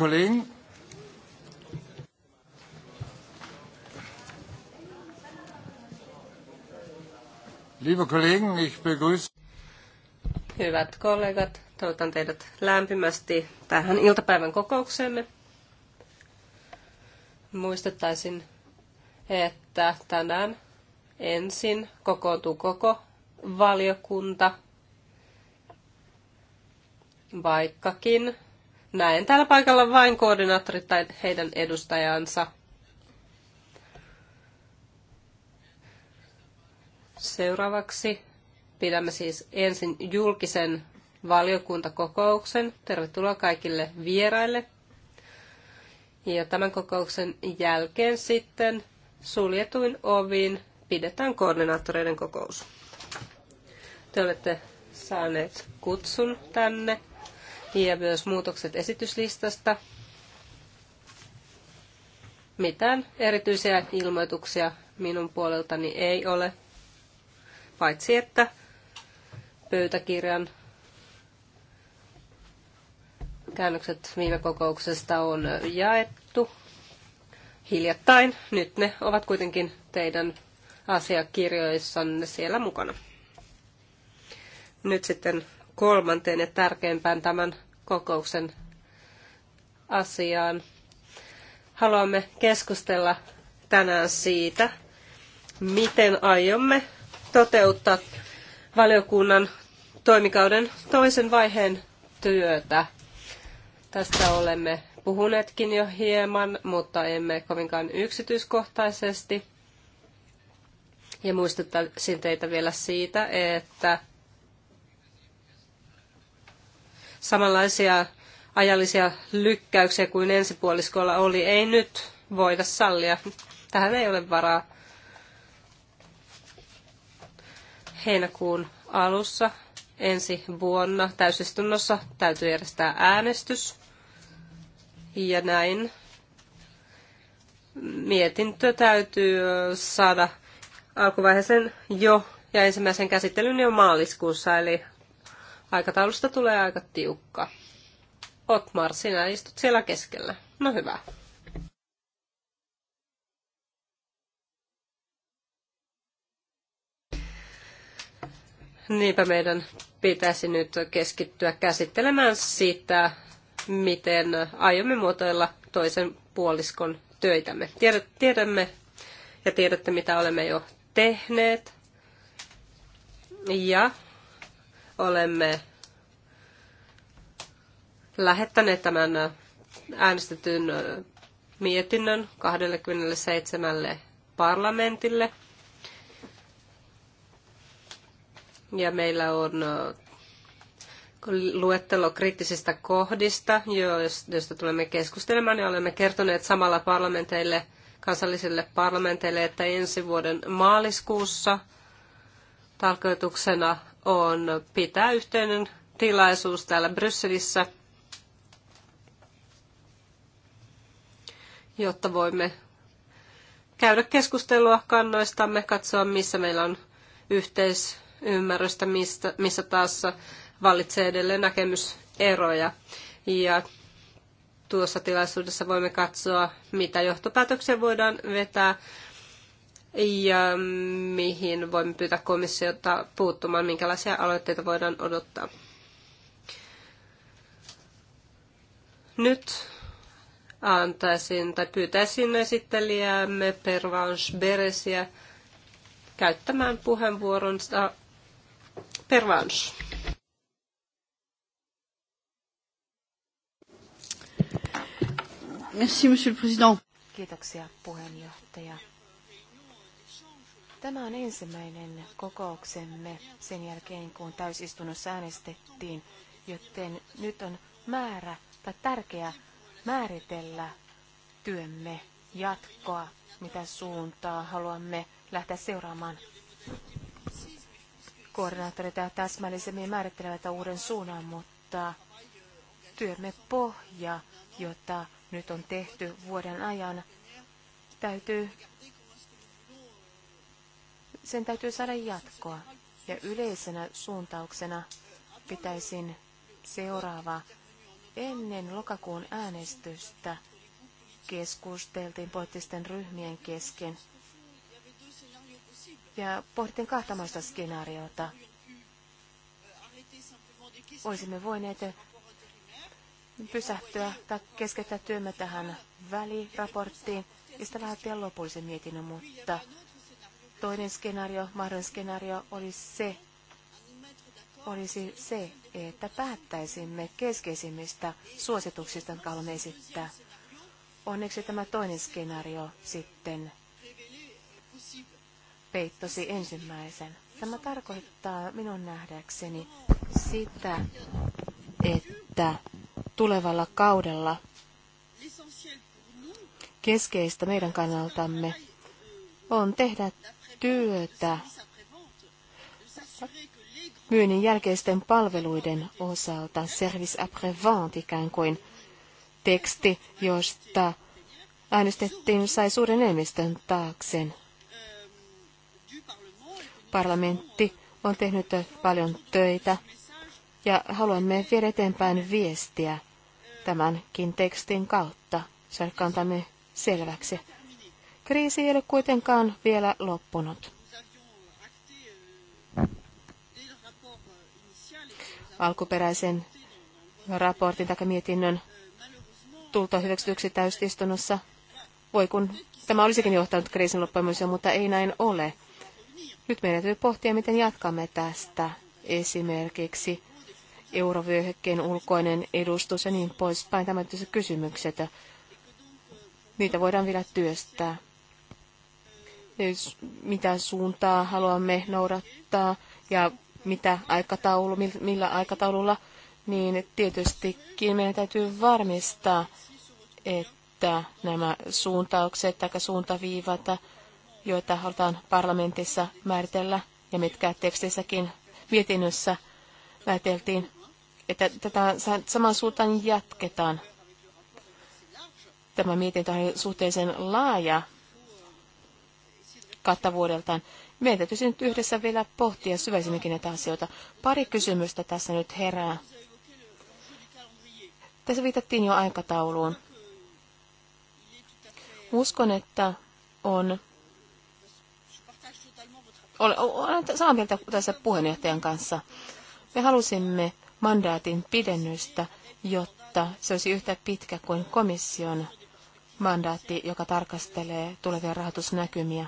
Kollegen. Liebe Kollegen, ich begrüße. Hyvät kollegat, toivotan teidät lämpimästi tähän iltapäivän kokoukseemme. Muistettaisin, että tänään ensin kokoontuu koko valiokunta, vaikkakin Näen täällä paikalla vain koordinaattorit tai heidän edustajansa. Seuraavaksi pidämme siis ensin julkisen valiokuntakokouksen. Tervetuloa kaikille vieraille. Ja tämän kokouksen jälkeen sitten suljetuin ovin pidetään koordinaattoreiden kokous. Te olette saaneet kutsun tänne ja myös muutokset esityslistasta. Mitään erityisiä ilmoituksia minun puoleltani ei ole, paitsi että pöytäkirjan käännökset viime kokouksesta on jaettu hiljattain. Nyt ne ovat kuitenkin teidän asiakirjoissanne siellä mukana. Nyt sitten kolmanteen ja tärkeimpään tämän kokouksen asiaan. Haluamme keskustella tänään siitä, miten aiomme toteuttaa valiokunnan toimikauden toisen vaiheen työtä. Tästä olemme puhuneetkin jo hieman, mutta emme kovinkaan yksityiskohtaisesti. Ja muistuttaisin teitä vielä siitä, että samanlaisia ajallisia lykkäyksiä kuin ensipuoliskolla oli, ei nyt voida sallia. Tähän ei ole varaa. Heinäkuun alussa ensi vuonna täysistunnossa täytyy järjestää äänestys. Ja näin mietintö täytyy saada alkuvaiheeseen jo ja ensimmäisen käsittelyn jo maaliskuussa, eli Aikataulusta tulee aika tiukka. Otmar, sinä istut siellä keskellä. No hyvä. Niinpä meidän pitäisi nyt keskittyä käsittelemään sitä, miten aiomme muotoilla toisen puoliskon töitämme. Tiedämme ja tiedätte, mitä olemme jo tehneet. Ja olemme lähettäneet tämän äänestetyn mietinnön 27 parlamentille. Ja meillä on äh, luettelo kriittisistä kohdista, joista tulemme keskustelemaan, ja olemme kertoneet samalla parlamenteille, kansallisille parlamenteille, että ensi vuoden maaliskuussa tarkoituksena on pitää yhteinen tilaisuus täällä Brysselissä, jotta voimme käydä keskustelua kannoistamme, katsoa missä meillä on yhteisymmärrystä, mistä, missä taas vallitsee edelleen näkemyseroja. Ja tuossa tilaisuudessa voimme katsoa, mitä johtopäätöksiä voidaan vetää ja mihin voimme pyytää komissiota puuttumaan, minkälaisia aloitteita voidaan odottaa. Nyt antaisin tai pyytäisin esittelijämme Pervanche Beresiä käyttämään puheenvuoronsa. Pervanche. Merci, monsieur le président. Kiitoksia puheenjohtaja Tämä on ensimmäinen kokouksemme sen jälkeen, kun täysistunnossa äänestettiin, joten nyt on määrä tai tärkeää määritellä työmme jatkoa, mitä suuntaa haluamme lähteä seuraamaan. Koordinaattorit täsmällisemmin määrittelevät uuden suunnan, mutta työmme pohja, jota nyt on tehty vuoden ajan, täytyy sen täytyy saada jatkoa. Ja yleisenä suuntauksena pitäisin seuraava Ennen lokakuun äänestystä keskusteltiin poliittisten ryhmien kesken ja pohdittiin kahtamaista skenaariota. Olisimme voineet pysähtyä tai keskeyttää työmme tähän väliraporttiin ja sitä lähettiin lopullisen mietinnön, mutta Toinen skenaario, mahdollinen skenaario, olisi se, olisi se, että päättäisimme keskeisimmistä suosituksista, jotka haluamme esittää. Onneksi tämä toinen skenaario sitten peittosi ensimmäisen. Tämä tarkoittaa minun nähdäkseni sitä, että tulevalla kaudella keskeistä meidän kannaltamme on tehdä työtä myynnin jälkeisten palveluiden osalta, service après-vente ikään kuin teksti, josta äänestettiin, sai suuren enemmistön taakseen. Parlamentti on tehnyt paljon töitä ja haluamme viedä eteenpäin viestiä tämänkin tekstin kautta. Se kantamme selväksi. Kriisi ei ole kuitenkaan vielä loppunut. Alkuperäisen raportin tai mietinnön tulta hyväksytyksi täysistunnossa voi kun tämä olisikin johtanut kriisin loppumiseen, mutta ei näin ole. Nyt meidän täytyy pohtia, miten jatkamme tästä esimerkiksi eurovyöhykkeen ulkoinen edustus ja niin poispäin. Tämä kysymykset. Niitä voidaan vielä työstää mitä suuntaa haluamme noudattaa ja mitä aikataulu, millä aikataululla, niin tietystikin meidän täytyy varmistaa, että nämä suuntaukset tai suuntaviivat, joita halutaan parlamentissa määritellä ja mitkä tekstissäkin mietinnössä määriteltiin, että tätä saman suuntaan jatketaan. Tämä mietintö on suhteellisen laaja kattavuudeltaan. Meidän täytyisi nyt yhdessä vielä pohtia syvällisemminkin näitä asioita. Pari kysymystä tässä nyt herää. Tässä viitattiin jo aikatauluun. Uskon, että on... Olen samaa mieltä tässä puheenjohtajan kanssa. Me halusimme mandaatin pidennystä, jotta se olisi yhtä pitkä kuin komission mandaatti, joka tarkastelee tulevia rahoitusnäkymiä.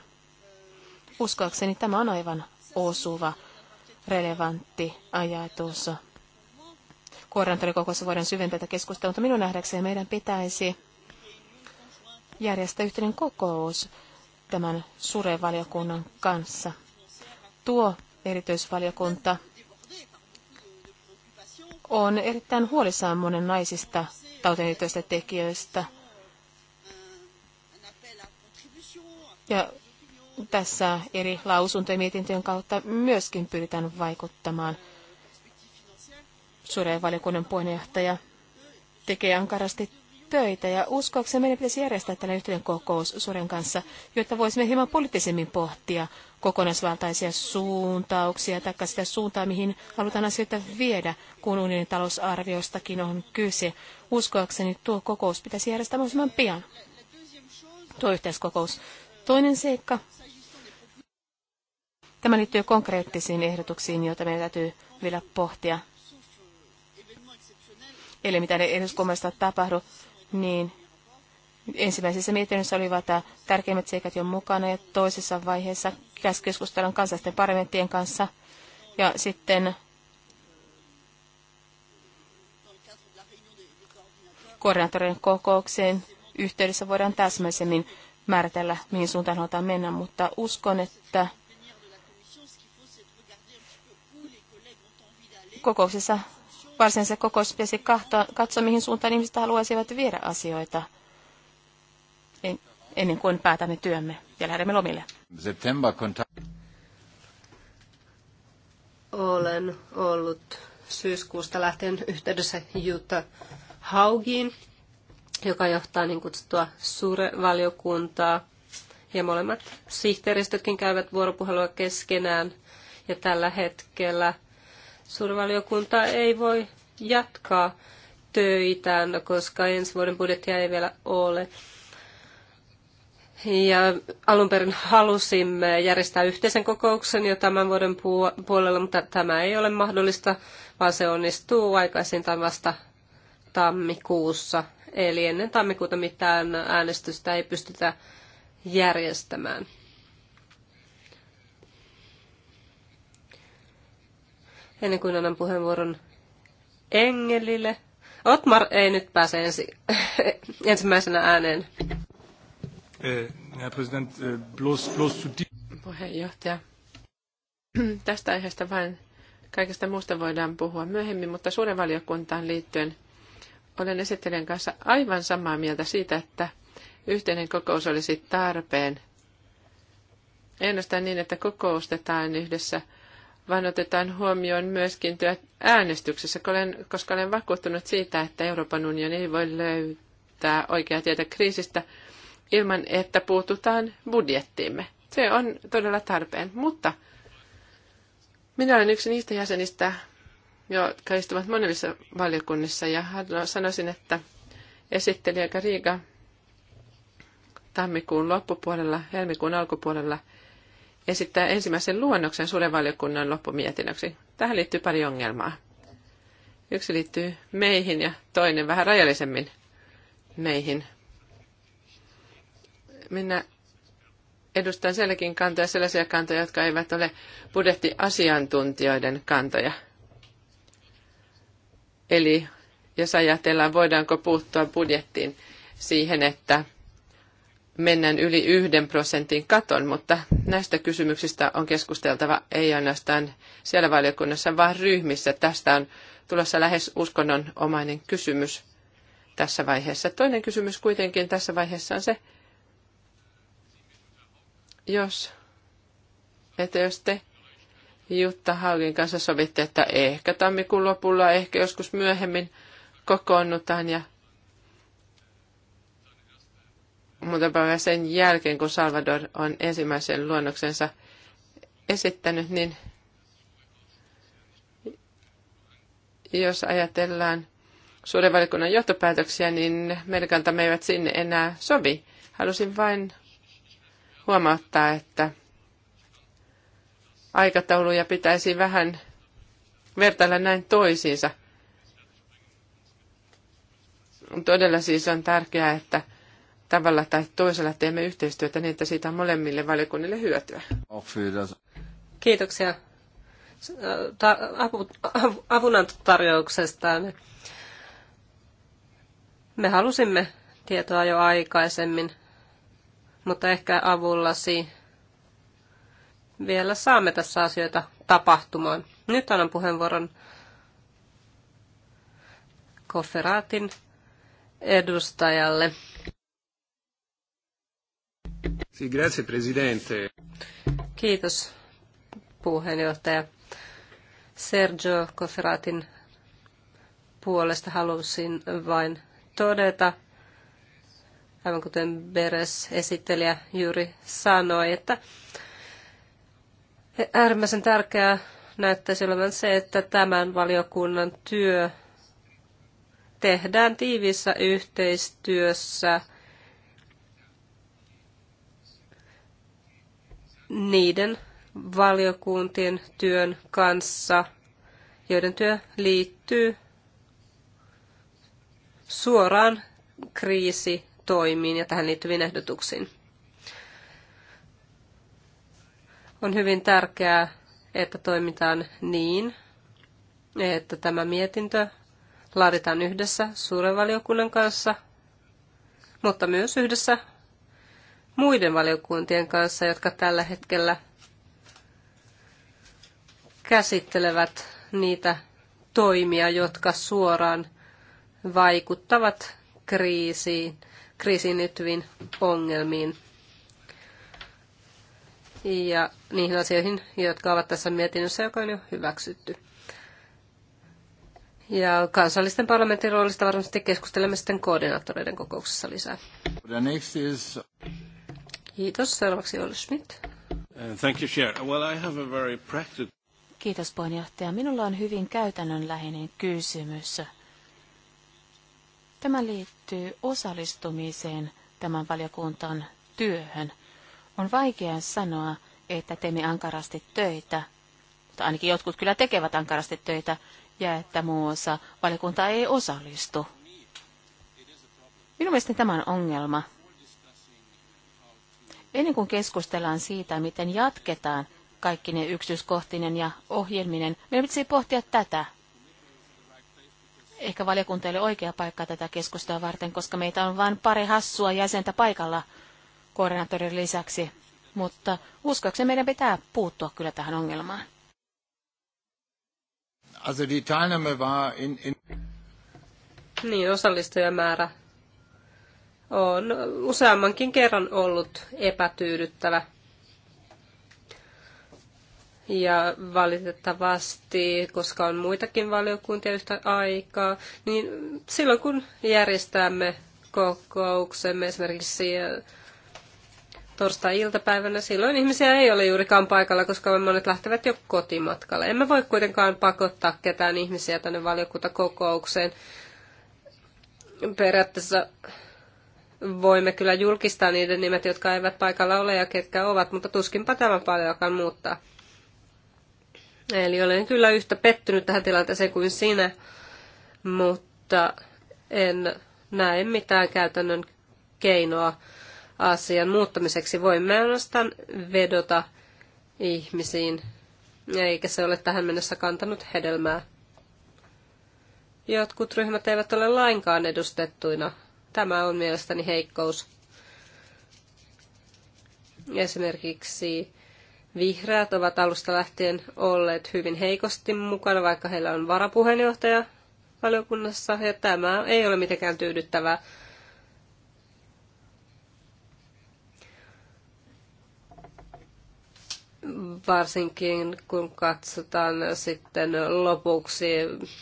Uskoakseni tämä on aivan osuva, relevantti ajatus. Koordinaattorikokouksessa voidaan syventää tätä keskustelua, mutta minun nähdäkseni meidän pitäisi järjestää yhteinen kokous tämän surevaliokunnan kanssa. Tuo erityisvaliokunta on erittäin huolissaan monen naisista tautien tekijöistä. Ja tässä eri lausuntojen mietintöjen kautta myöskin pyritään vaikuttamaan. Suuren valiokunnan puheenjohtaja tekee ankarasti töitä ja uskoakseni meidän pitäisi järjestää tällainen yhteinen kokous Suuren kanssa, jotta voisimme hieman poliittisemmin pohtia kokonaisvaltaisia suuntauksia tai sitä suuntaa, mihin halutaan asioita viedä, kun unionin talousarviostakin on kyse. Uskoakseni tuo kokous pitäisi järjestää mahdollisimman pian. Tuo yhteiskokous. Toinen seikka Tämä liittyy konkreettisiin ehdotuksiin, joita meidän täytyy vielä pohtia. Eli mitä ne edes tapahdu, niin ensimmäisessä mietinnössä vain äh, tärkeimmät seikat jo mukana ja toisessa vaiheessa keskustelun kansallisten parlamenttien kanssa ja sitten koordinaattorien kokoukseen yhteydessä voidaan täsmällisemmin määritellä, mihin suuntaan halutaan mennä, mutta uskon, että kokouksessa, varsinaisessa kokouksessa pitäisi katsoa, mihin suuntaan ihmiset haluaisivat viedä asioita ennen kuin päätämme työmme ja lähdemme lomille. Olen ollut syyskuusta lähtien yhteydessä Jutta Haugiin, joka johtaa niin kutsuttua suurevaliokuntaa. Ja molemmat sihteeristötkin käyvät vuoropuhelua keskenään. Ja tällä hetkellä Suurvaliokunta ei voi jatkaa töitään, koska ensi vuoden budjettia ei vielä ole. Ja alun perin halusimme järjestää yhteisen kokouksen jo tämän vuoden puolella, mutta tämä ei ole mahdollista, vaan se onnistuu aikaisintaan vasta tammikuussa. Eli ennen tammikuuta mitään äänestystä ei pystytä järjestämään. Ennen kuin annan puheenvuoron Engelille. Otmar ei nyt pääse ensi, ensimmäisenä ääneen. Herr eh, Präsident, eh, bloß, bloß Puheenjohtaja. Tästä aiheesta vain kaikesta muusta voidaan puhua myöhemmin, mutta suuren valiokuntaan liittyen olen esittelijän kanssa aivan samaa mieltä siitä, että yhteinen kokous olisi tarpeen. Ennustan niin, että kokoustetaan yhdessä – vaan otetaan huomioon myöskin työt äänestyksessä, koska olen vakuuttunut siitä, että Euroopan unioni ei voi löytää oikeaa tietä kriisistä ilman, että puututaan budjettiimme. Se on todella tarpeen, mutta minä olen yksi niistä jäsenistä, jotka istuvat monissa valiokunnissa ja sanoisin, että esittelijä Riga tammikuun loppupuolella, helmikuun alkupuolella – esittää ensimmäisen luonnoksen suuren valiokunnan loppumietinnöksi. Tähän liittyy pari ongelmaa. Yksi liittyy meihin ja toinen vähän rajallisemmin meihin. Minä edustan sielläkin kantoja, sellaisia kantoja, jotka eivät ole budjettiasiantuntijoiden kantoja. Eli jos ajatellaan, voidaanko puuttua budjettiin siihen, että mennään yli yhden prosentin katon, mutta näistä kysymyksistä on keskusteltava ei ainoastaan siellä valiokunnassa, vaan ryhmissä. Tästä on tulossa lähes uskonnonomainen kysymys tässä vaiheessa. Toinen kysymys kuitenkin tässä vaiheessa on se, jos, että jos te Jutta Haugin kanssa sovitte, että ehkä tammikuun lopulla, ehkä joskus myöhemmin kokoonnutaan ja muutama päivä sen jälkeen, kun Salvador on ensimmäisen luonnoksensa esittänyt, niin jos ajatellaan suuren valikunnan johtopäätöksiä, niin merkantamme eivät sinne enää sovi. Halusin vain huomauttaa, että aikatauluja pitäisi vähän vertailla näin toisiinsa. Todella siis on tärkeää, että tavalla tai toisella teemme yhteistyötä niin, että siitä on molemmille valiokunnille hyötyä. Kiitoksia avunantotarjouksesta. Me halusimme tietoa jo aikaisemmin, mutta ehkä avullasi vielä saamme tässä asioita tapahtumaan. Nyt annan puheenvuoron Kofferaatin edustajalle. Kiitos, puheenjohtaja. Sergio Koferatin puolesta halusin vain todeta, aivan kuten Beres esittelijä juuri sanoi, että äärimmäisen tärkeää näyttäisi olevan se, että tämän valiokunnan työ tehdään tiivissä yhteistyössä niiden valiokuntien työn kanssa, joiden työ liittyy suoraan kriisitoimiin ja tähän liittyviin ehdotuksiin. On hyvin tärkeää, että toimitaan niin, että tämä mietintö laaditaan yhdessä suuren valiokunnan kanssa, mutta myös yhdessä muiden valiokuntien kanssa, jotka tällä hetkellä käsittelevät niitä toimia, jotka suoraan vaikuttavat kriisiin, kriisiin liittyviin ongelmiin ja niihin asioihin, jotka ovat tässä mietinnössä, joka on jo hyväksytty. Ja kansallisten parlamentin roolista varmasti keskustelemme sitten koordinaattoreiden kokouksessa lisää. Kiitos. Seuraavaksi Olli Schmidt. Uh, thank you, Chair. Well, I have a very practical... Kiitos puheenjohtaja. Minulla on hyvin käytännönläheinen kysymys. Tämä liittyy osallistumiseen tämän valiokuntan työhön. On vaikea sanoa, että teemme ankarasti töitä, mutta ainakin jotkut kyllä tekevät ankarasti töitä, ja että muun muassa valiokunta ei osallistu. Minun mielestäni tämä on ongelma. Ennen kuin keskustellaan siitä, miten jatketaan kaikki ne yksityiskohtinen ja ohjelminen, meidän pitäisi pohtia tätä. Ehkä valiokunta ei ole oikea paikka tätä keskustelua varten, koska meitä on vain pari hassua jäsentä paikalla koordinaattorin lisäksi. Mutta uskoakseni meidän pitää puuttua kyllä tähän ongelmaan. Also die Teilnahme war in, in... Niin, osallistujamäärä on useammankin kerran ollut epätyydyttävä. Ja valitettavasti, koska on muitakin valiokuntia yhtä aikaa, niin silloin kun järjestämme kokouksemme esimerkiksi torstai-iltapäivänä, silloin ihmisiä ei ole juurikaan paikalla, koska monet lähtevät jo kotimatkalle. Emme voi kuitenkaan pakottaa ketään ihmisiä tänne valiokuntakokoukseen. Periaatteessa voimme kyllä julkistaa niiden nimet, jotka eivät paikalla ole ja ketkä ovat, mutta tuskinpa tämä paljonkaan muuttaa. Eli olen kyllä yhtä pettynyt tähän tilanteeseen kuin sinä, mutta en näe mitään käytännön keinoa asian muuttamiseksi. Voimme ainoastaan vedota ihmisiin, eikä se ole tähän mennessä kantanut hedelmää. Jotkut ryhmät eivät ole lainkaan edustettuina Tämä on mielestäni heikkous. Esimerkiksi vihreät ovat alusta lähtien olleet hyvin heikosti mukana, vaikka heillä on varapuheenjohtaja valiokunnassa, ja tämä ei ole mitenkään tyydyttävää. varsinkin kun katsotaan sitten lopuksi,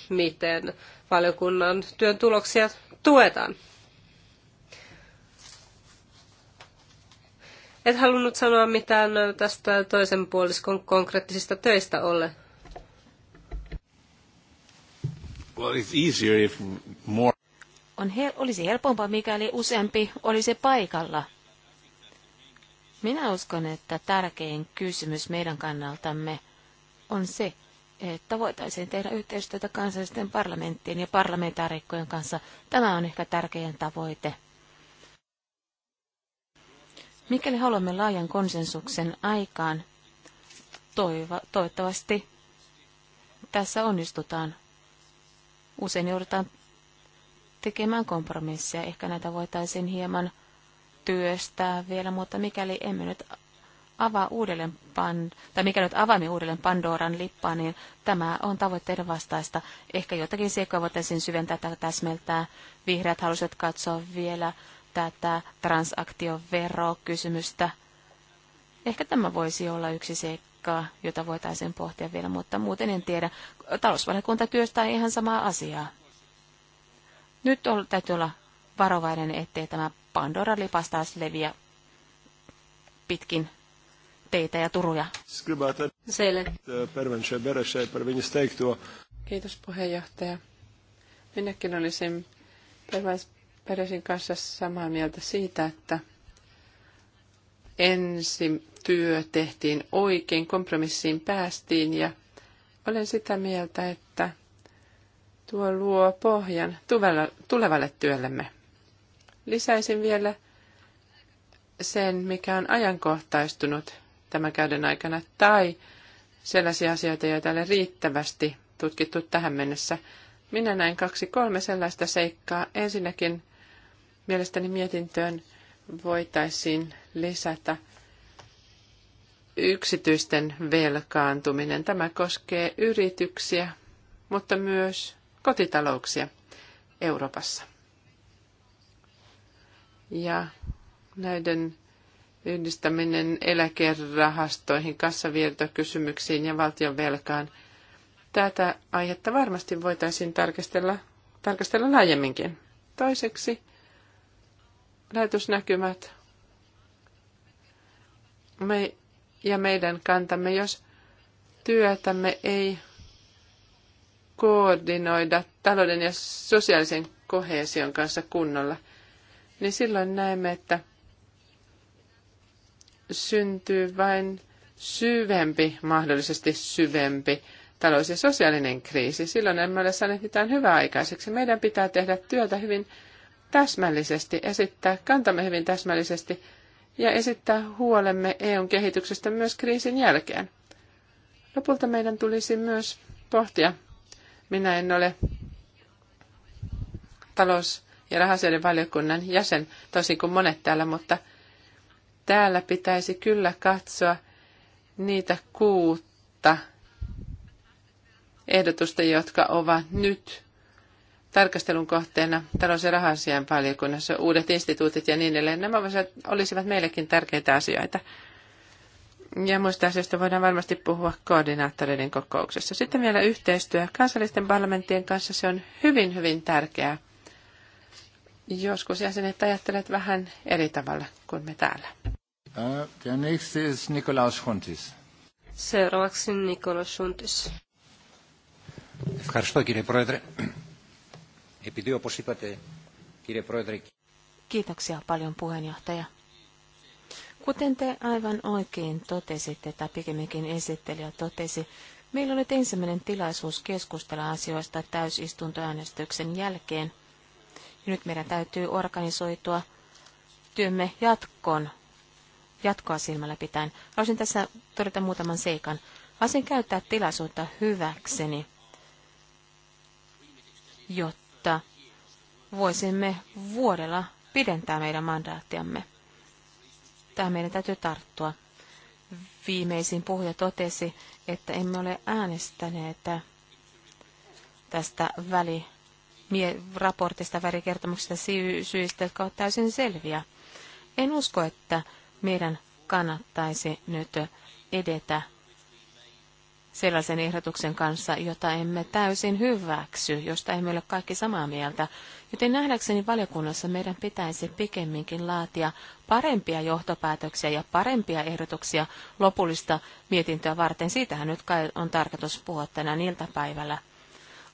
miten valiokunnan työn tuloksia tuetaan. Et halunnut sanoa mitään tästä toisen puoliskon konkreettisista töistä ole. Well, it's easier if more... On hel- olisi helpompaa, mikäli useampi olisi paikalla. Minä uskon, että tärkein kysymys meidän kannaltamme on se, että voitaisiin tehdä yhteistyötä kansallisten parlamenttien ja parlamentaarikkojen kanssa. Tämä on ehkä tärkein tavoite. Mikäli haluamme laajan konsensuksen aikaan, toiva, toivottavasti tässä onnistutaan. Usein joudutaan tekemään kompromisseja. Ehkä näitä voitaisiin hieman työstää vielä, mutta mikäli emme nyt avaa uudelleen pan, tai mikä nyt avaamme uudelleen Pandoran lippaa, niin tämä on tavoitteiden vastaista. Ehkä jotakin seikkoja voitaisiin syventää tai täsmeltää. Vihreät halusivat katsoa vielä tätä transaktioverokysymystä. Ehkä tämä voisi olla yksi seikka, jota voitaisiin pohtia vielä, mutta muuten en tiedä. Talousvaliokunta työstää ihan samaa asiaa. Nyt on, täytyy olla varovainen, ettei tämä Pandora-lipas taas leviä pitkin teitä ja turuja. Kiitos puheenjohtaja. Minäkin olisin Peresin kanssa samaa mieltä siitä, että ensin työ tehtiin oikein, kompromissiin päästiin ja olen sitä mieltä, että tuo luo pohjan tulevalle työllemme. Lisäisin vielä sen, mikä on ajankohtaistunut tämän käyden aikana, tai sellaisia asioita, joita ei ole riittävästi tutkittu tähän mennessä. Minä näin kaksi kolme sellaista seikkaa. Ensinnäkin Mielestäni mietintöön voitaisiin lisätä yksityisten velkaantuminen. Tämä koskee yrityksiä, mutta myös kotitalouksia Euroopassa. Ja näiden yhdistäminen eläkerahastoihin, kassavirtokysymyksiin ja valtion velkaan. Tätä aihetta varmasti voitaisiin tarkastella, tarkastella laajemminkin. Toiseksi lähetysnäkymät me ja meidän kantamme, jos työtämme ei koordinoida talouden ja sosiaalisen kohesion kanssa kunnolla, niin silloin näemme, että syntyy vain syvempi, mahdollisesti syvempi talous- ja sosiaalinen kriisi. Silloin emme ole saaneet mitään hyvää aikaiseksi. Meidän pitää tehdä työtä hyvin täsmällisesti, esittää kantamme hyvin täsmällisesti ja esittää huolemme EUn kehityksestä myös kriisin jälkeen. Lopulta meidän tulisi myös pohtia, minä en ole talous- ja rahasioiden valiokunnan jäsen, tosin kuin monet täällä, mutta täällä pitäisi kyllä katsoa niitä kuutta ehdotusta, jotka ovat nyt tarkastelun kohteena talous- ja rahasian valiokunnassa, uudet instituutit ja niin edelleen. Nämä olisivat meillekin tärkeitä asioita. Ja muista asioista voidaan varmasti puhua koordinaattoreiden kokouksessa. Sitten vielä yhteistyö kansallisten parlamenttien kanssa. Se on hyvin, hyvin tärkeää. Joskus jäsenet ajattelevat vähän eri tavalla kuin me täällä. Seuraavaksi Nikolaus Schuntis. Ευχαριστώ κύριε Επειδή όπως Kiitoksia paljon puheenjohtaja. Kuten te aivan oikein totesitte, tai pikemminkin esittelijä totesi, meillä on nyt ensimmäinen tilaisuus keskustella asioista täysistuntoäänestyksen jälkeen. Ja nyt meidän täytyy organisoitua työmme jatkoon, jatkoa silmällä pitäen. Haluaisin tässä todeta muutaman seikan. Haluaisin käyttää tilaisuutta hyväkseni, jotta jotta voisimme vuodella pidentää meidän mandaattiamme. Tähän meidän täytyy tarttua. Viimeisin puhuja totesi, että emme ole äänestäneet tästä väli raportista värikertomuksesta syistä, jotka ovat täysin selviä. En usko, että meidän kannattaisi nyt edetä sellaisen ehdotuksen kanssa, jota emme täysin hyväksy, josta emme ole kaikki samaa mieltä. Joten nähdäkseni valiokunnassa meidän pitäisi pikemminkin laatia parempia johtopäätöksiä ja parempia ehdotuksia lopullista mietintöä varten. Siitähän nyt kai on tarkoitus puhua tänään iltapäivällä.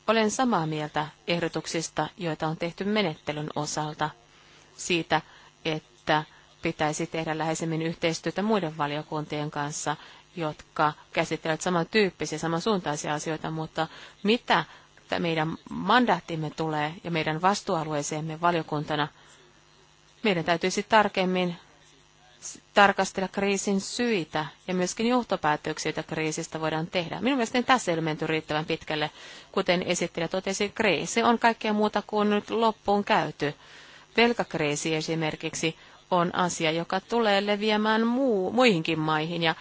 Olen samaa mieltä ehdotuksista, joita on tehty menettelyn osalta. Siitä, että pitäisi tehdä läheisemmin yhteistyötä muiden valiokuntien kanssa jotka käsittelevät samantyyppisiä, samansuuntaisia asioita, mutta mitä meidän mandaattimme tulee ja meidän vastuualueeseemme valiokuntana, meidän täytyisi tarkemmin tarkastella kriisin syitä ja myöskin johtopäätöksiä, joita kriisistä voidaan tehdä. Minun mielestäni tässä ei ole menty riittävän pitkälle. Kuten esittelijä totesi, kriisi on kaikkea muuta kuin nyt loppuun käyty. Velkakriisi esimerkiksi on asia, joka tulee leviämään muu, muihinkin maihin ja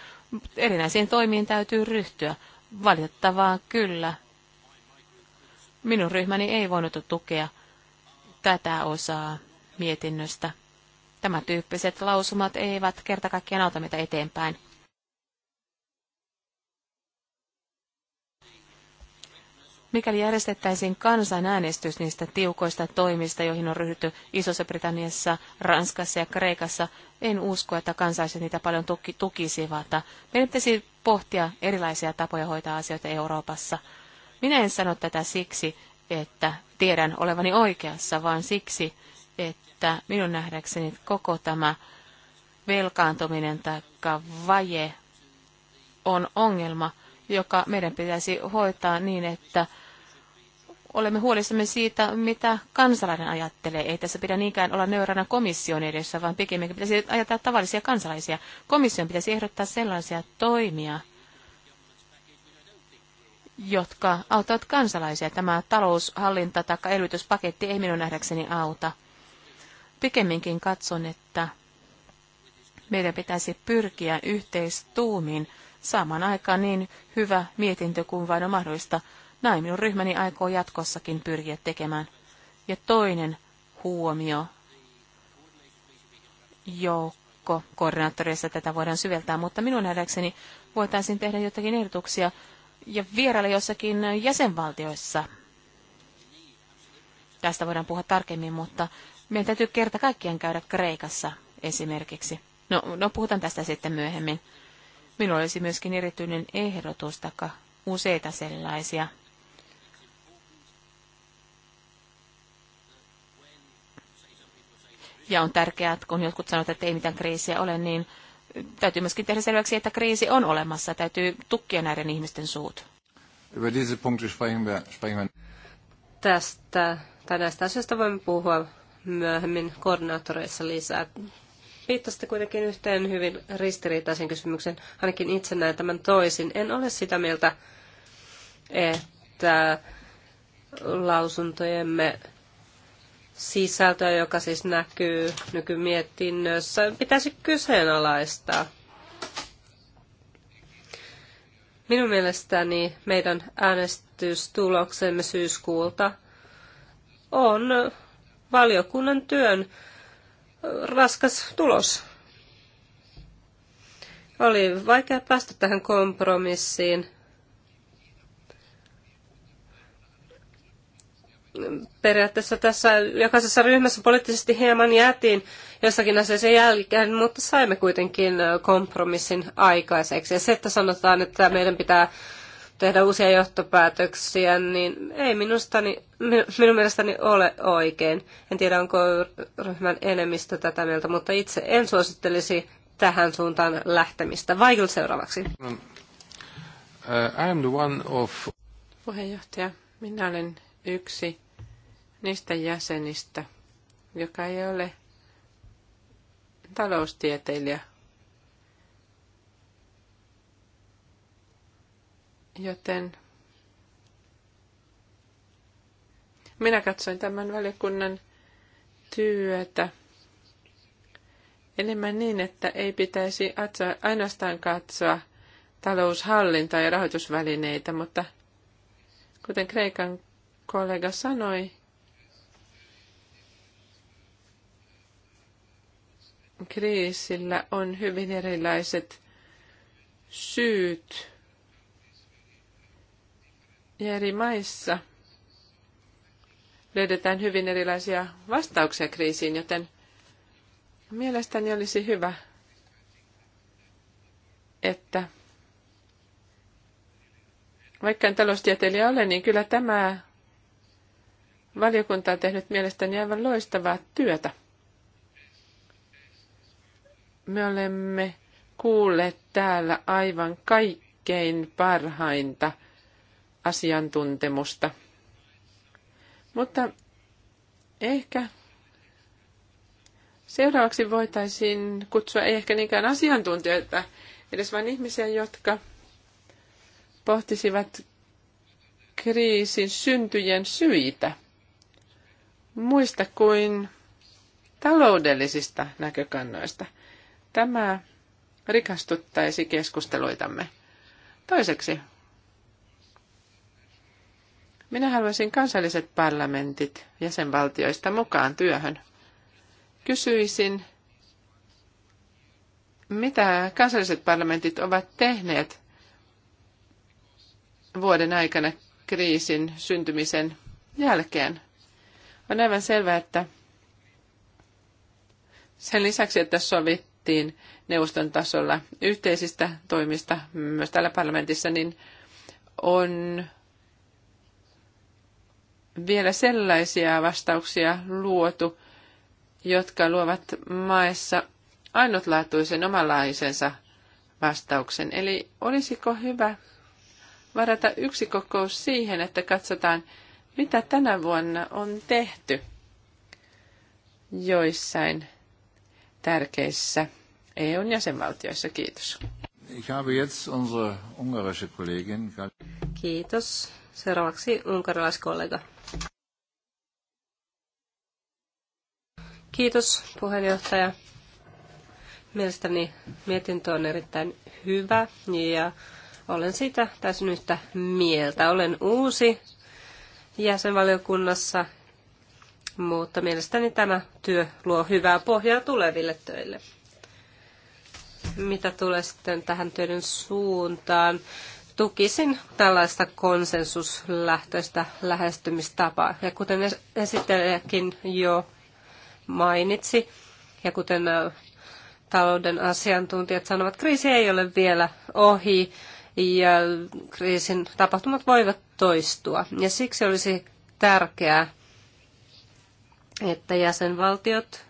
erinäisiin toimiin täytyy ryhtyä. Valitettavaa kyllä. Minun ryhmäni ei voinut tukea tätä osaa mietinnöstä. Tämä tyyppiset lausumat eivät kertakaikkiaan auta meitä eteenpäin. Mikäli järjestettäisiin kansanäänestys niistä tiukoista toimista, joihin on ryhdytty Isossa Britanniassa, Ranskassa ja Kreikassa, en usko, että kansalaiset niitä paljon tuki, tukisivat. Meidän pitäisi pohtia erilaisia tapoja hoitaa asioita Euroopassa. Minä en sano tätä siksi, että tiedän olevani oikeassa, vaan siksi, että minun nähdäkseni koko tämä velkaantuminen tai vaje on ongelma, joka meidän pitäisi hoitaa niin, että olemme huolissamme siitä, mitä kansalainen ajattelee. Ei tässä pidä niinkään olla nöyränä komission edessä, vaan pikemminkin pitäisi ajatella tavallisia kansalaisia. Komission pitäisi ehdottaa sellaisia toimia, jotka auttavat kansalaisia. Tämä taloushallinta tai elvytyspaketti ei minun nähdäkseni auta. Pikemminkin katson, että meidän pitäisi pyrkiä yhteistuumiin saamaan aikaan niin hyvä mietintö kuin vain on mahdollista – näin minun ryhmäni aikoo jatkossakin pyrkiä tekemään. Ja toinen huomio, joukko koordinaattoreissa tätä voidaan syveltää, mutta minun nähdäkseni voitaisiin tehdä jotakin ehdotuksia ja vierailla jossakin jäsenvaltioissa. Tästä voidaan puhua tarkemmin, mutta meidän täytyy kerta kaikkiaan käydä Kreikassa esimerkiksi. No, no puhutaan tästä sitten myöhemmin. Minulla olisi myöskin erityinen ehdotus, taikka useita sellaisia. Ja on tärkeää, että kun jotkut sanovat, että ei mitään kriisiä ole, niin täytyy myöskin tehdä selväksi, että kriisi on olemassa. Täytyy tukkia näiden ihmisten suut. Tästä tai näistä asioista voimme puhua myöhemmin koordinaattoreissa lisää. Viittasitte kuitenkin yhteen hyvin ristiriitaisen kysymyksen. Ainakin itse näin tämän toisin. En ole sitä mieltä, että lausuntojemme sisältöä, joka siis näkyy nykymietinnössä, pitäisi kyseenalaistaa. Minun mielestäni meidän äänestystuloksemme syyskuulta on valiokunnan työn raskas tulos. Oli vaikea päästä tähän kompromissiin, periaatteessa tässä jokaisessa ryhmässä poliittisesti hieman jäätiin jossakin asiassa jälkeen, mutta saimme kuitenkin kompromissin aikaiseksi. Ja se, että sanotaan, että meidän pitää tehdä uusia johtopäätöksiä, niin ei minustani, minun mielestäni ole oikein. En tiedä, onko ryhmän enemmistö tätä mieltä, mutta itse en suosittelisi tähän suuntaan lähtemistä. Vaikil seuraavaksi. Uh, I am the one of... Puheenjohtaja, minä olen yksi niistä jäsenistä, joka ei ole taloustieteilijä, joten minä katsoin tämän valiokunnan työtä enemmän niin, että ei pitäisi ainoastaan katsoa taloushallintaa ja rahoitusvälineitä, mutta kuten Kreikan kollega sanoi, kriisillä on hyvin erilaiset syyt. Ja eri maissa löydetään hyvin erilaisia vastauksia kriisiin, joten mielestäni olisi hyvä, että vaikka en taloustieteilijä ole, niin kyllä tämä valiokunta on tehnyt mielestäni aivan loistavaa työtä. Me olemme kuulleet täällä aivan kaikkein parhainta asiantuntemusta. Mutta ehkä seuraavaksi voitaisiin kutsua ei ehkä niinkään asiantuntijoita, edes vain ihmisiä, jotka pohtisivat kriisin syntyjen syitä muista kuin taloudellisista näkökannoista. Tämä rikastuttaisi keskusteluitamme. Toiseksi, minä haluaisin kansalliset parlamentit jäsenvaltioista mukaan työhön. Kysyisin, mitä kansalliset parlamentit ovat tehneet vuoden aikana kriisin syntymisen jälkeen. On aivan selvää, että sen lisäksi, että sovittiin, sovittiin neuvoston tasolla yhteisistä toimista myös täällä parlamentissa, niin on vielä sellaisia vastauksia luotu, jotka luovat maissa ainutlaatuisen omanlaisensa vastauksen. Eli olisiko hyvä varata yksi kokous siihen, että katsotaan, mitä tänä vuonna on tehty joissain tärkeissä EUn jäsenvaltioissa. Kiitos. Ich habe jetzt unsere ungarische Kollegin. Kiitos. Seuraavaksi unkarilaiskollega. Kiitos puheenjohtaja. Mielestäni mietintö on erittäin hyvä ja olen siitä täysin yhtä mieltä. Olen uusi jäsenvaliokunnassa mutta mielestäni tämä työ luo hyvää pohjaa tuleville töille. Mitä tulee sitten tähän työn suuntaan? Tukisin tällaista konsensuslähtöistä lähestymistapaa. Ja kuten esittelijäkin jo mainitsi, ja kuten talouden asiantuntijat sanovat, kriisi ei ole vielä ohi ja kriisin tapahtumat voivat toistua. Ja siksi olisi tärkeää että jäsenvaltiot,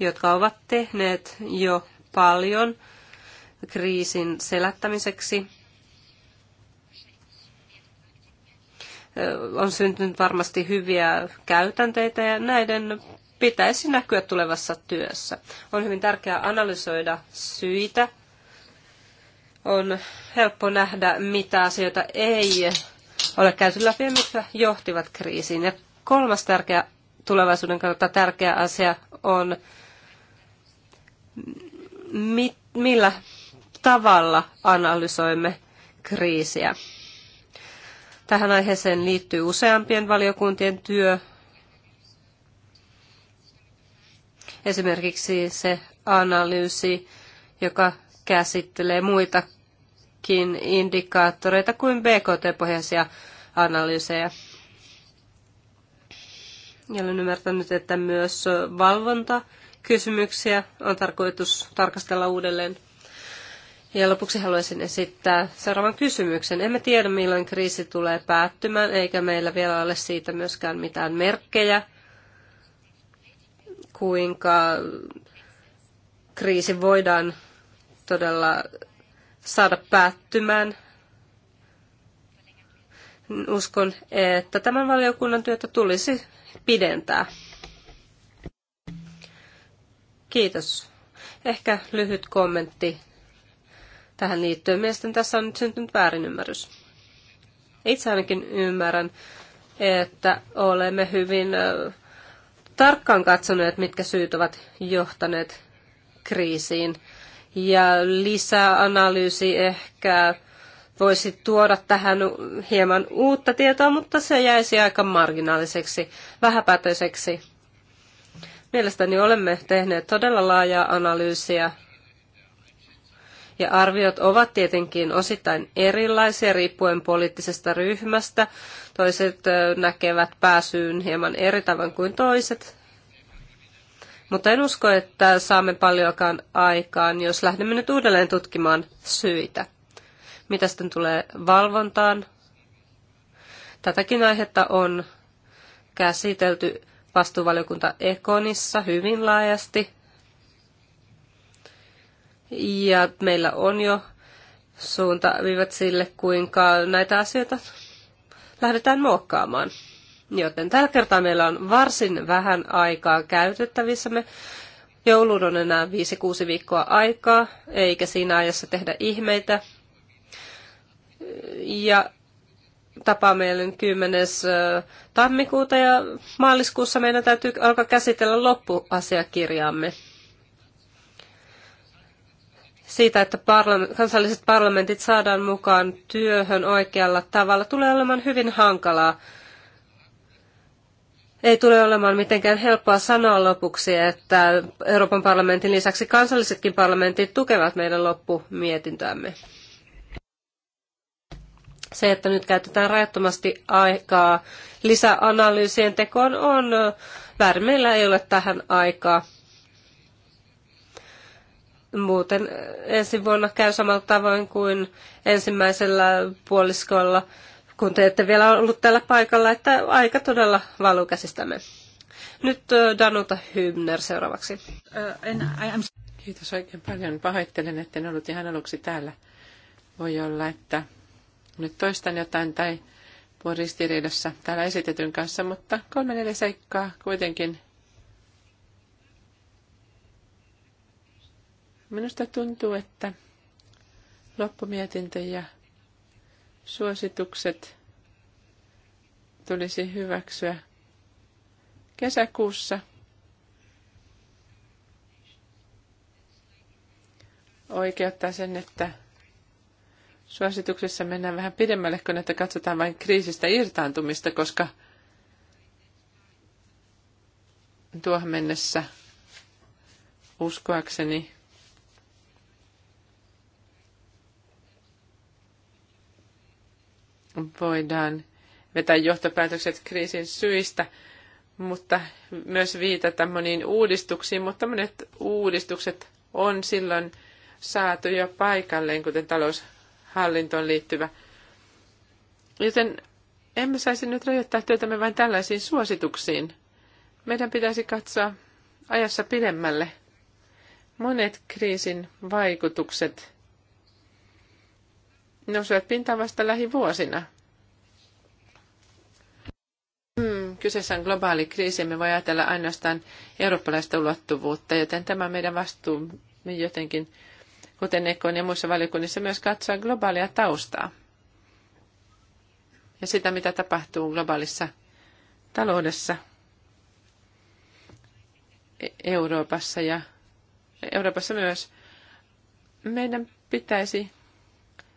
jotka ovat tehneet jo paljon kriisin selättämiseksi, on syntynyt varmasti hyviä käytänteitä ja näiden pitäisi näkyä tulevassa työssä. On hyvin tärkeää analysoida syitä. On helppo nähdä, mitä asioita ei ole käyty läpi ja mitkä johtivat kriisiin. Ja kolmas tärkeä tulevaisuuden kannalta tärkeä asia on, mit, millä tavalla analysoimme kriisiä. Tähän aiheeseen liittyy useampien valiokuntien työ. Esimerkiksi se analyysi, joka käsittelee muitakin indikaattoreita kuin BKT-pohjaisia analyysejä. Ja olen ymmärtänyt, että myös valvontakysymyksiä on tarkoitus tarkastella uudelleen. Ja lopuksi haluaisin esittää seuraavan kysymyksen. Emme tiedä, milloin kriisi tulee päättymään, eikä meillä vielä ole siitä myöskään mitään merkkejä, kuinka kriisi voidaan todella saada päättymään. Uskon, että tämän valiokunnan työtä tulisi pidentää. Kiitos. Ehkä lyhyt kommentti tähän liittyen. Mielestäni tässä on nyt syntynyt väärinymmärrys. Itse ainakin ymmärrän, että olemme hyvin tarkkaan katsoneet, mitkä syyt ovat johtaneet kriisiin. Ja lisäanalyysi ehkä voisi tuoda tähän hieman uutta tietoa, mutta se jäisi aika marginaaliseksi, vähäpätöiseksi. Mielestäni olemme tehneet todella laajaa analyysiä ja arviot ovat tietenkin osittain erilaisia riippuen poliittisesta ryhmästä. Toiset näkevät pääsyyn hieman eri tavoin kuin toiset. Mutta en usko, että saamme paljonkaan aikaan, jos lähdemme nyt uudelleen tutkimaan syitä. Mitä sitten tulee valvontaan? Tätäkin aihetta on käsitelty vastuuvaliokunta Ekonissa hyvin laajasti. Ja meillä on jo suuntaviivat sille, kuinka näitä asioita lähdetään muokkaamaan. Joten tällä kertaa meillä on varsin vähän aikaa käytettävissämme. Jouluun on enää 5-6 viikkoa aikaa, eikä siinä ajassa tehdä ihmeitä ja tapaamme meidän 10. tammikuuta ja maaliskuussa meidän täytyy alkaa käsitellä loppuasiakirjaamme. Siitä, että parlament, kansalliset parlamentit saadaan mukaan työhön oikealla tavalla, tulee olemaan hyvin hankalaa. Ei tule olemaan mitenkään helppoa sanoa lopuksi, että Euroopan parlamentin lisäksi kansallisetkin parlamentit tukevat meidän loppumietintöämme. Se, että nyt käytetään rajattomasti aikaa lisäanalyysien tekoon, on väärin. Meillä ei ole tähän aikaa. Muuten ensi vuonna käy samalla tavoin kuin ensimmäisellä puoliskolla, kun te ette vielä ollut tällä paikalla, että aika todella valuu käsistämme. Nyt Danuta Hymner seuraavaksi. Kiitos oikein paljon. Pahoittelen, että en ollut ihan aluksi täällä. Voi olla, että nyt toistan jotain tai puhun ristiriidassa täällä esitetyn kanssa, mutta kolme neljä seikkaa kuitenkin. Minusta tuntuu, että loppumietintö ja suositukset tulisi hyväksyä kesäkuussa. Oikeuttaa sen, että suosituksessa mennään vähän pidemmälle kuin, että katsotaan vain kriisistä irtaantumista, koska tuohon mennessä uskoakseni voidaan vetää johtopäätökset kriisin syistä, mutta myös viitata moniin uudistuksiin, mutta monet uudistukset on silloin saatu jo paikalleen, kuten talous hallintoon liittyvä. Joten emme saisi nyt rajoittaa työtämme vain tällaisiin suosituksiin. Meidän pitäisi katsoa ajassa pidemmälle. Monet kriisin vaikutukset nousevat pintaan vasta lähivuosina. Hmm, kyseessä on globaali kriisi, me voi ajatella ainoastaan eurooppalaista ulottuvuutta, joten tämä meidän vastuumme jotenkin kuten Ekon ja muissa valiokunnissa, myös katsoa globaalia taustaa ja sitä, mitä tapahtuu globaalissa taloudessa e- Euroopassa ja Euroopassa myös. Meidän pitäisi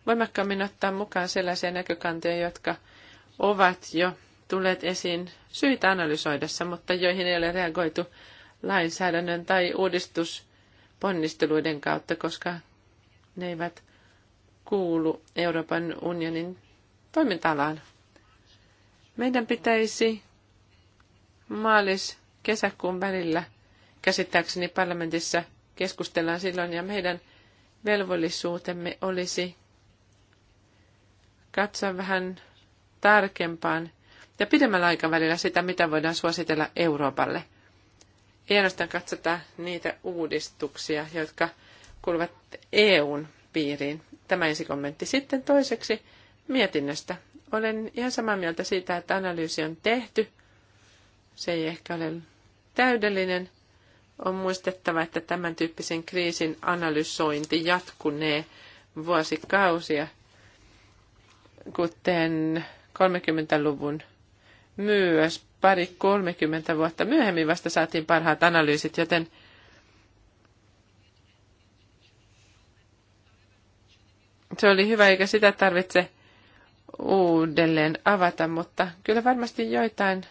voimakkaammin ottaa mukaan sellaisia näkökantoja, jotka ovat jo tulleet esiin syitä analysoidessa, mutta joihin ei ole reagoitu lainsäädännön tai uudistusponnisteluiden kautta, koska ne eivät kuulu Euroopan unionin toimintalaan. Meidän pitäisi maalis-kesäkuun välillä käsittääkseni parlamentissa keskustellaan silloin ja meidän velvollisuutemme olisi katsoa vähän tarkempaan ja pidemmällä aikavälillä sitä, mitä voidaan suositella Euroopalle. Ei ainoastaan katsota niitä uudistuksia, jotka kuuluvat EUn piiriin. Tämä ensi kommentti. Sitten toiseksi mietinnöstä. Olen ihan samaa mieltä siitä, että analyysi on tehty. Se ei ehkä ole täydellinen. On muistettava, että tämän tyyppisen kriisin analysointi jatkunee vuosikausia, kuten 30-luvun myös pari 30 vuotta myöhemmin vasta saatiin parhaat analyysit, joten Se oli hyvä, eikä sitä tarvitse uudelleen avata, mutta kyllä varmasti joitain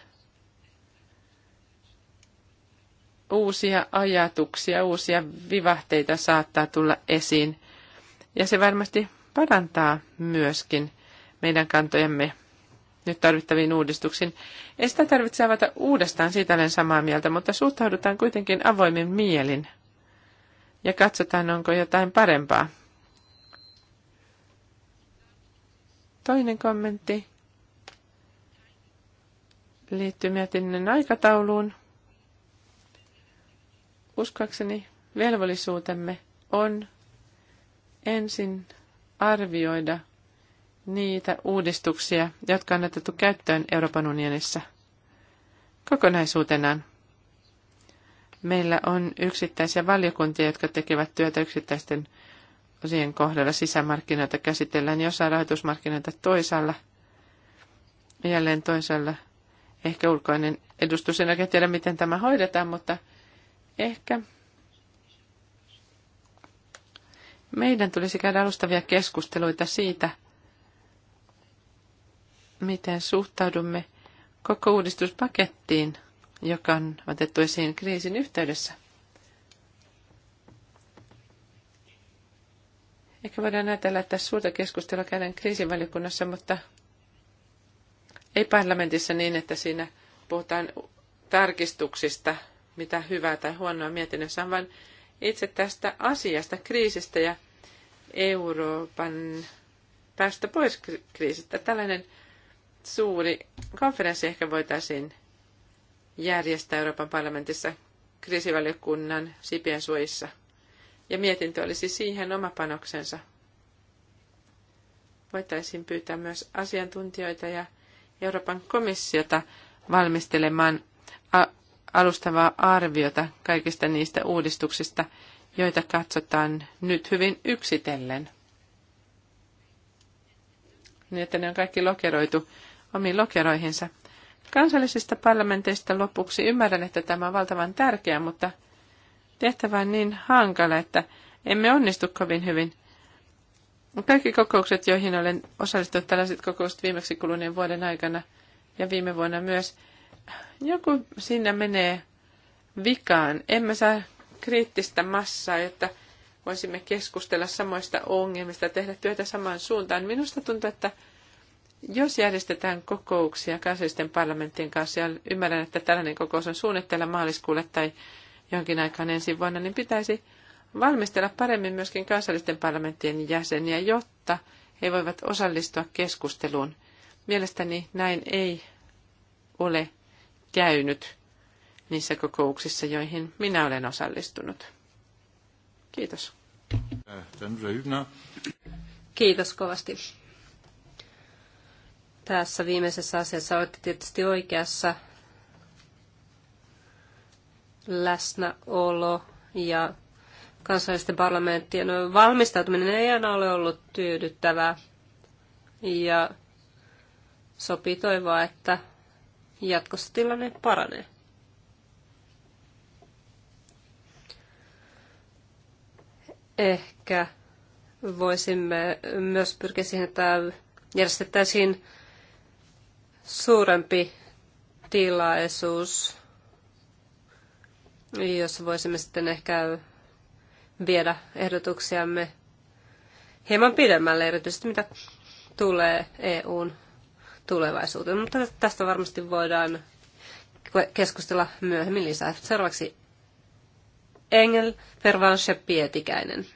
uusia ajatuksia, uusia vivahteita saattaa tulla esiin. Ja se varmasti parantaa myöskin meidän kantojemme nyt tarvittaviin uudistuksiin. Ei sitä tarvitse avata uudestaan, siitä olen samaa mieltä, mutta suhtaudutaan kuitenkin avoimin mielin ja katsotaan, onko jotain parempaa. Toinen kommentti liittyy mietinnön aikatauluun. Uskoakseni velvollisuutemme on ensin arvioida niitä uudistuksia, jotka on otettu käyttöön Euroopan unionissa kokonaisuutenaan. Meillä on yksittäisiä valiokuntia, jotka tekevät työtä yksittäisten siihen kohdalla sisämarkkinoita käsitellään niin osa rahoitusmarkkinoita toisaalla, jälleen toisella ehkä ulkoinen edustus. En oikein tiedä, miten tämä hoidetaan, mutta ehkä meidän tulisi käydä alustavia keskusteluita siitä, miten suhtaudumme koko uudistuspakettiin, joka on otettu esiin kriisin yhteydessä. Ehkä voidaan ajatella, että suurta keskustelua käydään kriisivaliokunnassa, mutta ei parlamentissa niin, että siinä puhutaan tarkistuksista, mitä hyvää tai huonoa mietinnössä on, vaan itse tästä asiasta, kriisistä ja Euroopan päästä pois kriisistä. Tällainen suuri konferenssi ehkä voitaisiin järjestää Euroopan parlamentissa kriisivaliokunnan sipien suojissa – ja mietintö olisi siihen oma panoksensa. Voitaisiin pyytää myös asiantuntijoita ja Euroopan komissiota valmistelemaan alustavaa arviota kaikista niistä uudistuksista, joita katsotaan nyt hyvin yksitellen. Niin, että ne on kaikki lokeroitu omiin lokeroihinsa. Kansallisista parlamenteista lopuksi ymmärrän, että tämä on valtavan tärkeä, mutta tehtävä on niin hankala, että emme onnistu kovin hyvin. Kaikki kokoukset, joihin olen osallistunut tällaiset kokoukset viimeksi kuluneen vuoden aikana ja viime vuonna myös, joku siinä menee vikaan. Emme saa kriittistä massaa, jotta voisimme keskustella samoista ongelmista, tehdä työtä samaan suuntaan. Minusta tuntuu, että jos järjestetään kokouksia kansallisten parlamenttien kanssa, ja ymmärrän, että tällainen kokous on suunnitteilla maaliskuulle tai jonkin aikaan ensi vuonna, niin pitäisi valmistella paremmin myöskin kansallisten parlamenttien jäseniä, jotta he voivat osallistua keskusteluun. Mielestäni näin ei ole käynyt niissä kokouksissa, joihin minä olen osallistunut. Kiitos. Kiitos kovasti. Tässä viimeisessä asiassa olette tietysti oikeassa läsnäolo ja kansallisten parlamenttien valmistautuminen ei aina ole ollut tyydyttävää. Ja sopii toivoa, että jatkossa tilanne paranee. Ehkä voisimme myös pyrkiä siihen, että järjestettäisiin suurempi tilaisuus jos voisimme sitten ehkä viedä ehdotuksiamme hieman pidemmälle, erityisesti mitä tulee EUn tulevaisuuteen. Mutta tästä varmasti voidaan keskustella myöhemmin lisää. Seuraavaksi Engel, Pervanche Pietikäinen.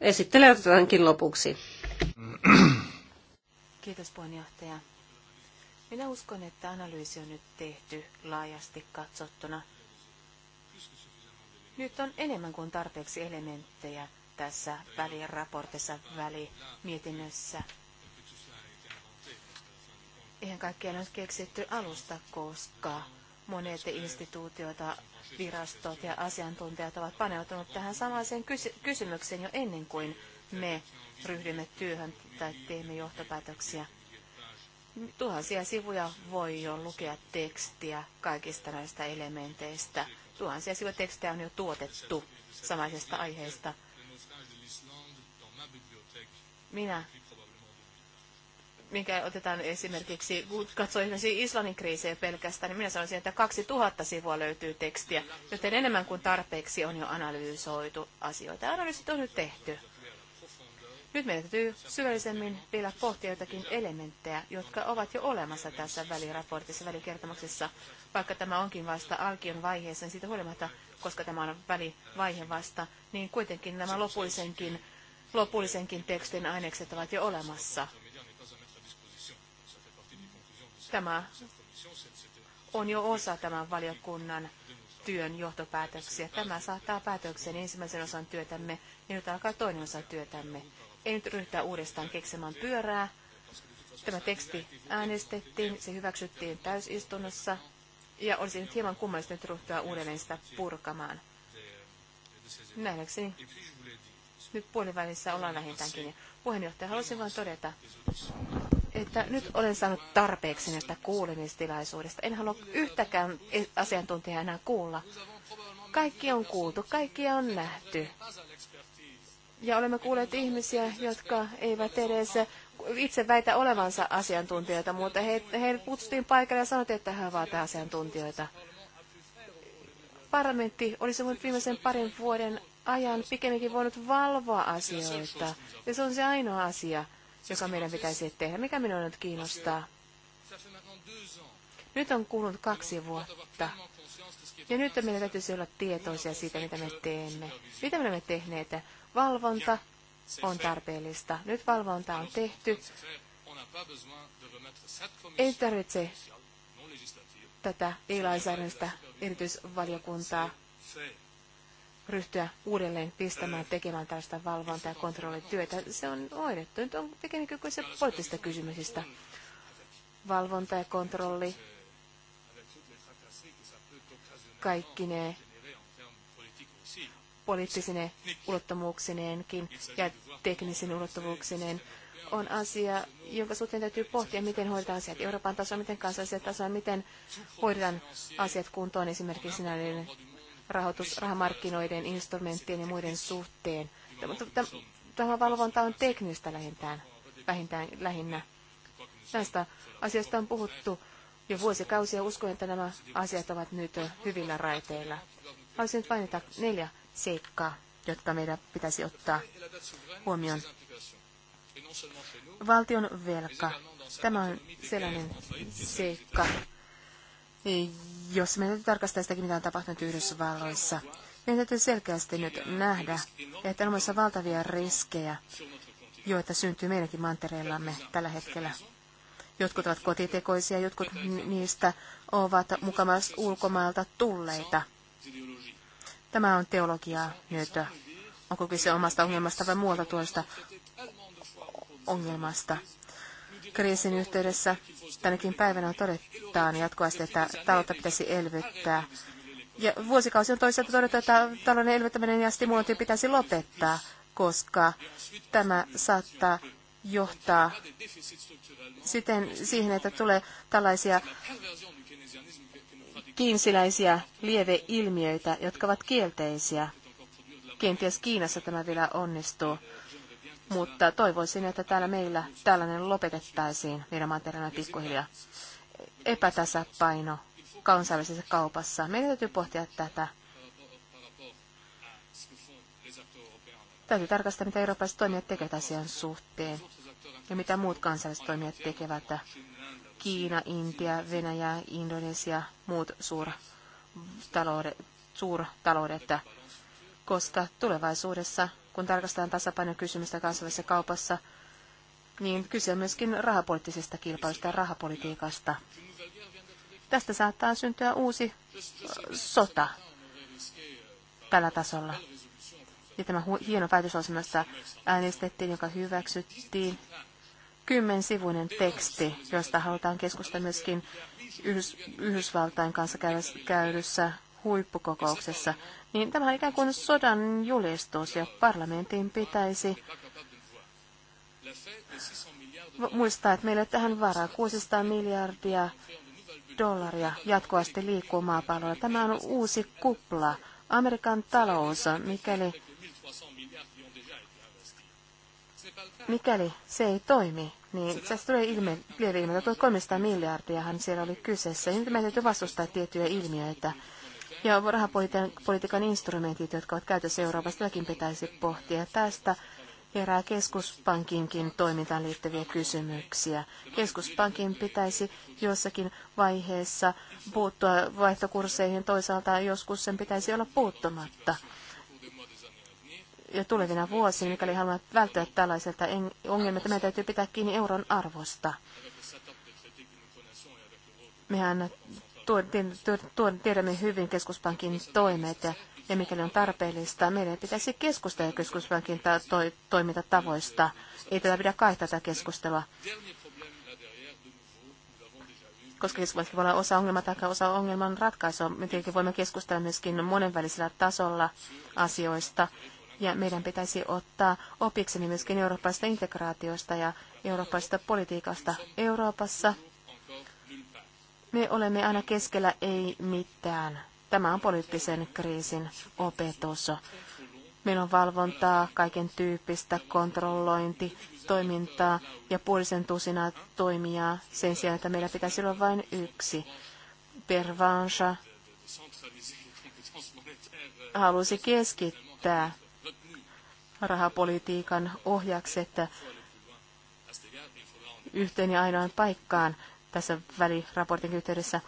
Esittely otetaankin lopuksi. Kiitos puheenjohtaja. Minä uskon, että analyysi on nyt tehty laajasti katsottuna. Nyt on enemmän kuin tarpeeksi elementtejä tässä väliraportissa, välimietinnössä. Eihän kaikkea ole keksitty alusta, koska monet instituutioita, virastot ja asiantuntijat ovat paneutuneet tähän samaiseen kysy- kysymykseen jo ennen kuin me ryhdymme työhön tai teemme johtopäätöksiä. Tuhansia sivuja voi jo lukea tekstiä kaikista näistä elementeistä. Tuhansia sivuja tekstejä on jo tuotettu samaisesta aiheesta. Minä, mikä otetaan esimerkiksi, kun katsoo esimerkiksi Islannin kriisejä pelkästään, niin minä sanoisin, että 2000 sivua löytyy tekstiä, joten enemmän kuin tarpeeksi on jo analysoitu asioita. Analyysit on nyt tehty. Nyt meidän täytyy syvällisemmin vielä pohtia jotakin elementtejä, jotka ovat jo olemassa tässä väliraportissa, välikertomuksessa. Vaikka tämä onkin vasta alkion vaiheessa, niin siitä huolimatta, koska tämä on välivaihe vasta, niin kuitenkin nämä lopullisenkin, lopullisenkin tekstin ainekset ovat jo olemassa. Tämä on jo osa tämän valiokunnan työn johtopäätöksiä. Tämä saattaa päätökseen ensimmäisen osan työtämme ja nyt alkaa toinen osa työtämme. En nyt ryhdytä uudestaan keksemään pyörää. Tämä teksti äänestettiin, se hyväksyttiin täysistunnossa ja olisi nyt hieman kummallista nyt ryhtyä uudelleen sitä purkamaan. Nähdäkseni nyt puolivälissä ollaan vähintäänkin. puheenjohtaja, haluaisin vain todeta, että nyt olen saanut tarpeeksi näistä kuulemistilaisuudesta. En halua yhtäkään asiantuntijaa enää kuulla. Kaikki on kuultu, kaikki on nähty. Ja olemme kuulleet ihmisiä, jotka eivät edes itse väitä olevansa asiantuntijoita, mutta he, he kutsuttiin paikalle ja sanottiin, että he ovat asiantuntijoita. Parlamentti olisi voinut viimeisen parin vuoden ajan pikemminkin voinut valvoa asioita. Ja se on se ainoa asia, joka meidän pitäisi tehdä. Mikä minua nyt kiinnostaa? Nyt on kulunut kaksi vuotta ja nyt meidän täytyisi olla tietoisia siitä, mitä me teemme. Mitä me olemme tehneet? Valvonta on tarpeellista. Nyt valvonta on tehty. Ei tarvitse tätä ei-lainsäädännöstä erityisvaliokuntaa ryhtyä uudelleen pistämään tekemään tällaista valvontaa ja kontrollityötä. Se on hoidettu. Nyt on pikemminkin se poliittisista kysymyksistä. Valvonta ja kontrolli kaikki ne poliittisine ulottuvuuksineenkin ja teknisine ulottuvuuksineen on asia, jonka suhteen täytyy pohtia, miten hoidetaan asiat Euroopan tasolla, miten kansallisella tasolla, miten hoidetaan asiat kuntoon esimerkiksi näiden rahoitus, rahamarkkinoiden, instrumenttien ja muiden suhteen. Tämä valvonta on teknistä lähintään, vähintään, lähinnä. Näistä asioista on puhuttu jo vuosikausia. Uskon, että nämä asiat ovat nyt hyvillä raiteilla. Haluaisin nyt mainita neljä seikkaa, jotka meidän pitäisi ottaa huomioon. Valtion velka. Tämä on sellainen seikka, jos me täytyy tarkastaa sitäkin, mitä on tapahtunut Yhdysvalloissa. Meidän täytyy selkeästi nyt nähdä, että on valtavia riskejä, joita syntyy meidänkin mantereillamme tällä hetkellä. Jotkut ovat kotitekoisia, jotkut niistä ovat mukamas ulkomailta tulleita. Tämä on teologiaa nyt. Onko kyse omasta ongelmasta vai muualta tuosta ongelmasta? Kriisin yhteydessä tänäkin päivänä on todetaan jatkuvasti, että taloutta pitäisi elvyttää. Ja vuosikausi on toisaalta todettu, että talouden elvyttäminen ja stimulointi pitäisi lopettaa, koska tämä saattaa johtaa siten siihen, että tulee tällaisia kiinsiläisiä lieveilmiöitä, jotka ovat kielteisiä. Kenties Kiinassa tämä vielä onnistuu, mutta toivoisin, että täällä meillä tällainen lopetettaisiin meidän materiaalina pikkuhiljaa. Epätasapaino kansainvälisessä kaupassa. Meidän täytyy pohtia tätä. Täytyy tarkastaa, mitä eurooppalaiset toimijat tekevät asian suhteen ja mitä muut kansalliset toimijat tekevät. Kiina, Intia, Venäjä, Indonesia, muut suurtaloudet, suurtaloudet koska tulevaisuudessa, kun tarkastetaan tasapainokysymystä kansallisessa kaupassa, niin kyse on myöskin rahapoliittisesta kilpailusta ja rahapolitiikasta. Tästä saattaa syntyä uusi sota tällä tasolla. Ja tämä hieno päätösosimassa äänestettiin, joka hyväksyttiin kymmensivuinen teksti, josta halutaan keskustella myöskin Yhdys, Yhdysvaltain kanssa käydyssä huippukokouksessa, niin tämä on ikään kuin sodan julistus ja parlamentin pitäisi muistaa, että meillä tähän varaa 600 miljardia dollaria jatkuvasti liikkuu maapallolla. Tämä on uusi kupla. Amerikan talous, mikäli mikäli se ei toimi, niin se tulee ilme, lieveilmiö, 300 miljardiahan siellä oli kyseessä. Ja nyt meidän täytyy vastustaa tiettyjä ilmiöitä. Ja rahapolitiikan instrumentit, jotka ovat käytössä Euroopassa, tätäkin pitäisi pohtia. Tästä herää keskuspankinkin toimintaan liittyviä kysymyksiä. Keskuspankin pitäisi jossakin vaiheessa puuttua vaihtokursseihin, toisaalta joskus sen pitäisi olla puuttumatta ja tulevina vuosina, mikäli haluamme välttää tällaiselta ongelmilta, meidän täytyy pitää kiinni euron arvosta. Mehän tiedämme hyvin keskuspankin toimet ja, ja mikäli on tarpeellista, meidän pitäisi keskustella keskuspankin ta- to- toimintatavoista. Ei tätä pidä kaihtaa tätä keskustelua koska keskustelua voi olla osa ongelmaa tai osa ongelman ratkaisua. Me tietenkin voimme keskustella myöskin monenvälisellä tasolla asioista ja meidän pitäisi ottaa opiksemme myöskin eurooppalaisesta integraatiosta ja eurooppalaisesta politiikasta Euroopassa. Me olemme aina keskellä ei mitään. Tämä on poliittisen kriisin opetus. Meillä on valvontaa, kaiken tyyppistä kontrollointi, toimintaa ja puolisen tusinaa toimijaa sen sijaan, että meillä pitäisi olla vain yksi. Pervansa halusi keskittää rahapolitiikan ohjakset yhteen ja ainoaan paikkaan tässä väliraportin yhteydessä,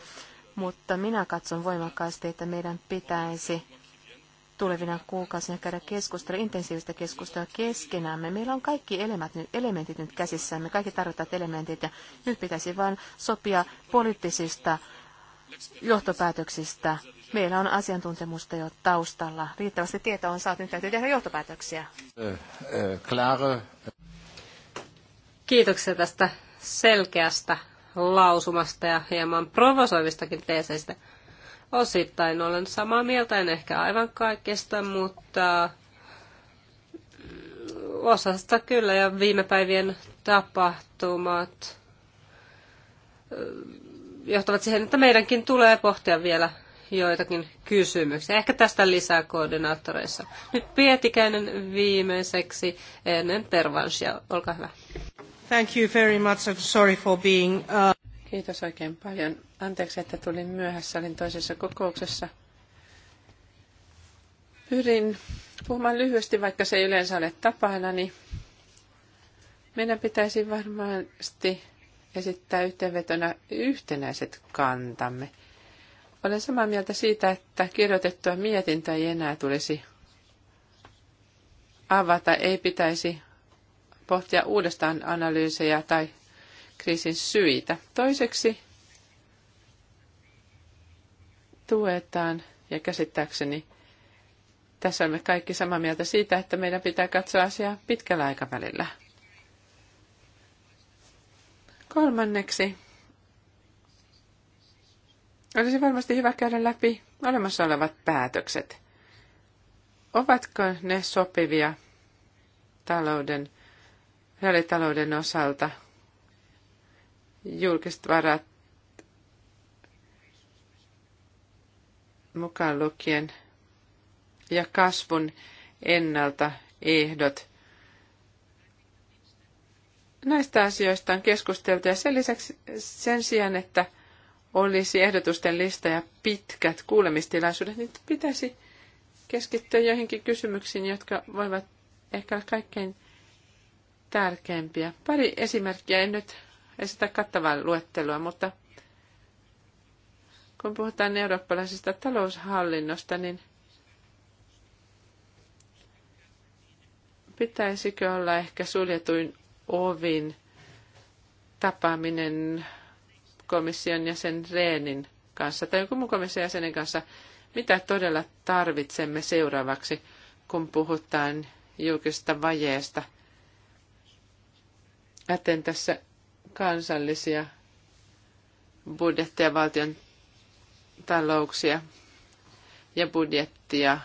mutta minä katson voimakkaasti, että meidän pitäisi tulevina kuukausina käydä keskustelua, intensiivistä keskustelua keskenämme. Meillä on kaikki elementit nyt käsissämme, kaikki tarvittavat elementit, ja nyt pitäisi vain sopia poliittisista johtopäätöksistä Meillä on asiantuntemusta jo taustalla. Riittävästi tietoa on saatu, nyt täytyy tehdä johtopäätöksiä. Kiitoksia tästä selkeästä lausumasta ja hieman provosoivistakin teeseistä. Osittain olen samaa mieltä, en ehkä aivan kaikesta, mutta mm, osasta kyllä ja viime päivien tapahtumat mm, johtavat siihen, että meidänkin tulee pohtia vielä joitakin kysymyksiä. Ehkä tästä lisää koordinaattoreissa. Nyt Pietikäinen viimeiseksi ennen pervansia. Olkaa hyvä. Thank you very much. I'm sorry for being... Uh... Kiitos oikein paljon. Anteeksi, että tulin myöhässä. Olin toisessa kokouksessa. Pyrin puhumaan lyhyesti, vaikka se ei yleensä ole tapana, niin meidän pitäisi varmasti esittää yhteenvetona yhtenäiset kantamme – olen samaa mieltä siitä, että kirjoitettua mietintöä ei enää tulisi avata, ei pitäisi pohtia uudestaan analyysejä tai kriisin syitä. Toiseksi tuetaan ja käsittääkseni tässä olemme kaikki samaa mieltä siitä, että meidän pitää katsoa asiaa pitkällä aikavälillä. Kolmanneksi olisi varmasti hyvä käydä läpi olemassa olevat päätökset. Ovatko ne sopivia talouden, reaalitalouden osalta? Julkiset varat mukaan lukien ja kasvun ennalta ehdot. Näistä asioista on keskusteltu ja sen lisäksi sen sijaan, että – olisi ehdotusten lista ja pitkät kuulemistilaisuudet, niin pitäisi keskittyä joihinkin kysymyksiin, jotka voivat ehkä olla kaikkein tärkeimpiä. Pari esimerkkiä, en nyt esitä kattavaa luettelua, mutta kun puhutaan eurooppalaisesta taloushallinnosta, niin pitäisikö olla ehkä suljetuin ovin tapaaminen komission jäsen Reenin kanssa tai jonkun muun komission jäsenen kanssa, mitä todella tarvitsemme seuraavaksi, kun puhutaan julkisesta vajeesta. Aten tässä kansallisia budjetteja, valtion talouksia ja budjettia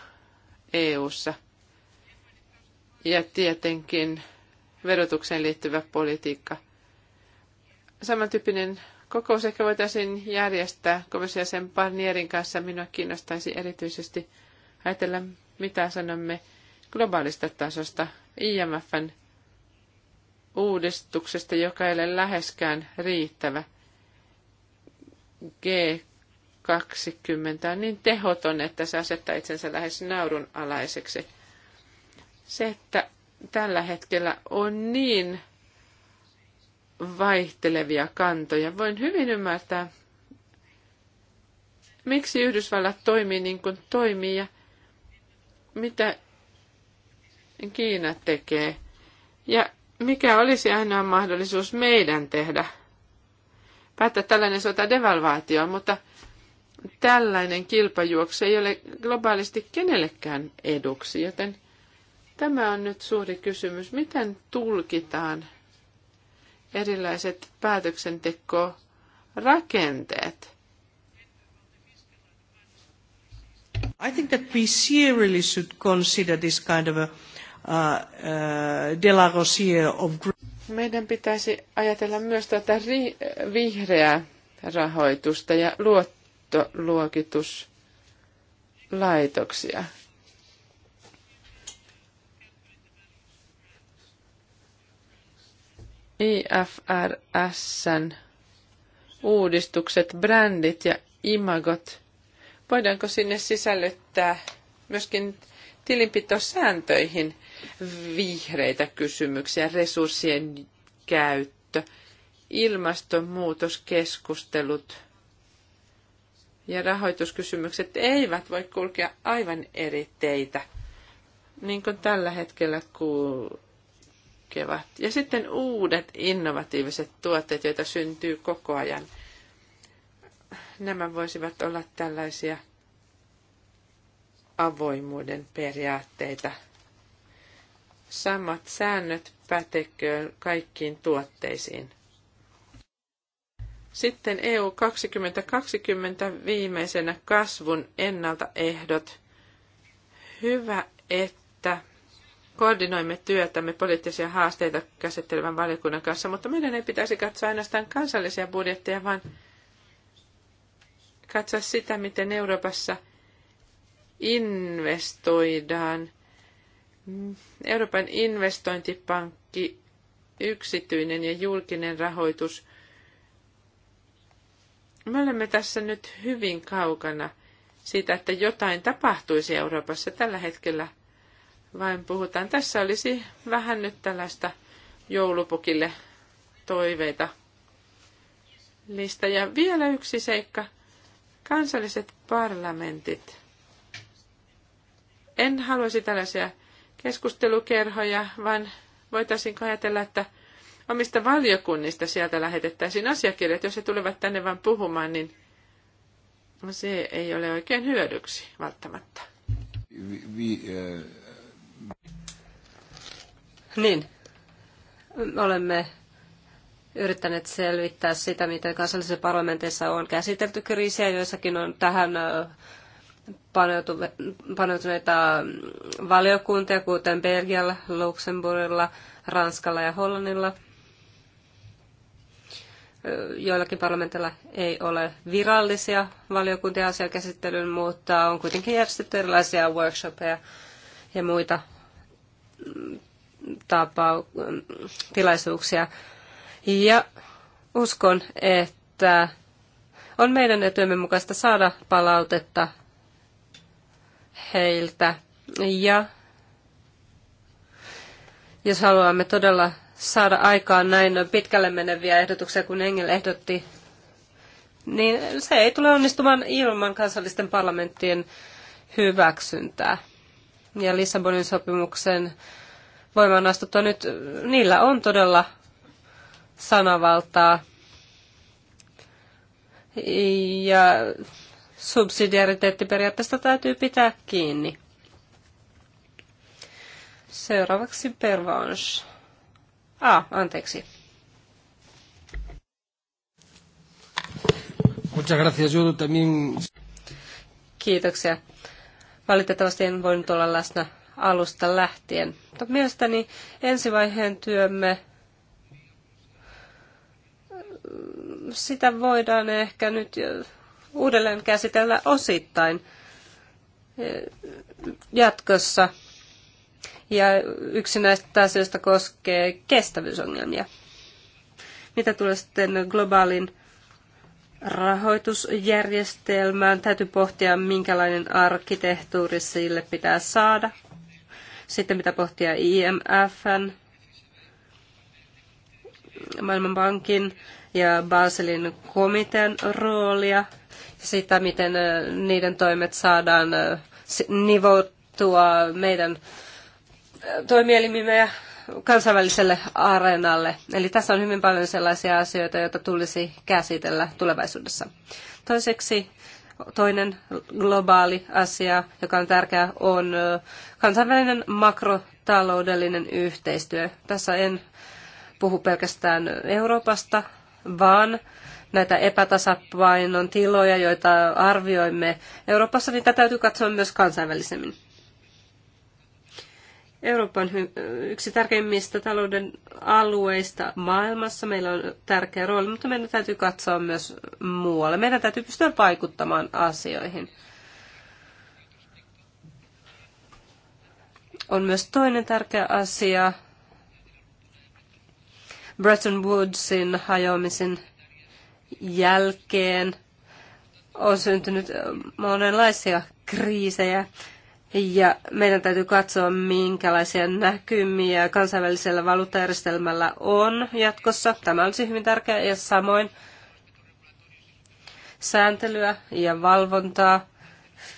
EU:ssa. Ja tietenkin verotukseen liittyvä politiikka. Samantyyppinen kokous ehkä voitaisiin järjestää komission sen Barnierin kanssa. Minua kiinnostaisi erityisesti ajatella, mitä sanomme globaalista tasosta IMFn uudistuksesta, joka ei ole läheskään riittävä. G20 on niin tehoton, että se asettaa itsensä lähes naurunalaiseksi. Se, että tällä hetkellä on niin vaihtelevia kantoja. Voin hyvin ymmärtää, miksi Yhdysvallat toimii niin kuin toimii ja mitä Kiina tekee. Ja mikä olisi ainoa mahdollisuus meidän tehdä? Päättää tällainen sota devalvaatio, mutta tällainen kilpajuoksu ei ole globaalisti kenellekään eduksi, joten tämä on nyt suuri kysymys. Miten tulkitaan erilaiset päätöksentekorakenteet. I think that we seriously should consider this kind of a uh, uh de la of meidän pitäisi ajatella myös tätä ri- vihreää rahoitusta ja luottoluokituslaitoksia. IFRSn uudistukset, brändit ja imagot, voidaanko sinne sisällyttää myöskin tilinpitosääntöihin vihreitä kysymyksiä, resurssien käyttö, ilmastonmuutoskeskustelut ja rahoituskysymykset eivät voi kulkea aivan eri teitä, niin kuin tällä hetkellä ku- tukevat. Ja sitten uudet innovatiiviset tuotteet, joita syntyy koko ajan. Nämä voisivat olla tällaisia avoimuuden periaatteita. Samat säännöt päteköön kaikkiin tuotteisiin. Sitten EU 2020 viimeisenä kasvun ennaltaehdot. Hyvä, että koordinoimme työtämme poliittisia haasteita käsittelevän valiokunnan kanssa, mutta meidän ei pitäisi katsoa ainoastaan kansallisia budjetteja, vaan katsoa sitä, miten Euroopassa investoidaan. Euroopan investointipankki, yksityinen ja julkinen rahoitus. Me olemme tässä nyt hyvin kaukana siitä, että jotain tapahtuisi Euroopassa tällä hetkellä – vain puhutaan. Tässä olisi vähän nyt tällaista joulupukille toiveita lista. Ja vielä yksi seikka. Kansalliset parlamentit. En haluaisi tällaisia keskustelukerhoja, vaan voitaisiinko ajatella, että omista valiokunnista sieltä lähetettäisiin asiakirjat. Jos he tulevat tänne vain puhumaan, niin se ei ole oikein hyödyksi välttämättä. Eh, niin, olemme yrittäneet selvittää sitä, miten kansallisissa parlamenteissa on käsitelty kriisiä, joissakin on tähän paneutuneita mm, valiokuntia, kuten Belgialla, Luxemburgilla, Ranskalla ja Hollannilla. Joillakin parlamentilla ei ole virallisia valiokuntia asian käsittelyyn, mutta on kuitenkin järjestetty erilaisia workshopeja ja muita mm, tapau- mm, tilaisuuksia. Ja uskon, että on meidän etymme mukaista saada palautetta heiltä. Ja jos haluamme todella saada aikaan näin pitkälle meneviä ehdotuksia kuin Engel ehdotti, niin se ei tule onnistumaan ilman kansallisten parlamenttien hyväksyntää. Ja Lissabonin sopimuksen voimaan astuttua nyt, niillä on todella sanavaltaa. Ja subsidiariteettiperiaatteesta täytyy pitää kiinni. Seuraavaksi pervanche. Ah, anteeksi. Muchas gracias, Judo. También... Kiitoksia. Valitettavasti en voinut olla läsnä alusta lähtien. Mutta mielestäni ensivaiheen työmme sitä voidaan ehkä nyt uudelleen käsitellä osittain eh, jatkossa. Ja yksi näistä asioista koskee kestävyysongelmia. Mitä tulee sitten globaalin rahoitusjärjestelmään, täytyy pohtia, minkälainen arkkitehtuuri sille pitää saada, sitten mitä pohtia IMFn, Maailmanpankin ja Baselin komitean roolia ja sitä, miten niiden toimet saadaan nivottua meidän toimielimimme ja kansainväliselle areenalle. Eli tässä on hyvin paljon sellaisia asioita, joita tulisi käsitellä tulevaisuudessa. Toiseksi Toinen globaali asia, joka on tärkeä, on kansainvälinen makrotaloudellinen yhteistyö. Tässä en puhu pelkästään Euroopasta, vaan näitä epätasapainon tiloja, joita arvioimme Euroopassa, niin tätä täytyy katsoa myös kansainvälisemmin. Euroopan yksi tärkeimmistä talouden alueista maailmassa. Meillä on tärkeä rooli, mutta meidän täytyy katsoa myös muualle. Meidän täytyy pystyä vaikuttamaan asioihin. On myös toinen tärkeä asia. Bretton Woodsin hajoamisen jälkeen on syntynyt monenlaisia kriisejä ja meidän täytyy katsoa, minkälaisia näkymiä kansainvälisellä valuuttajärjestelmällä on jatkossa. Tämä olisi siis hyvin tärkeää ja samoin sääntelyä ja valvontaa,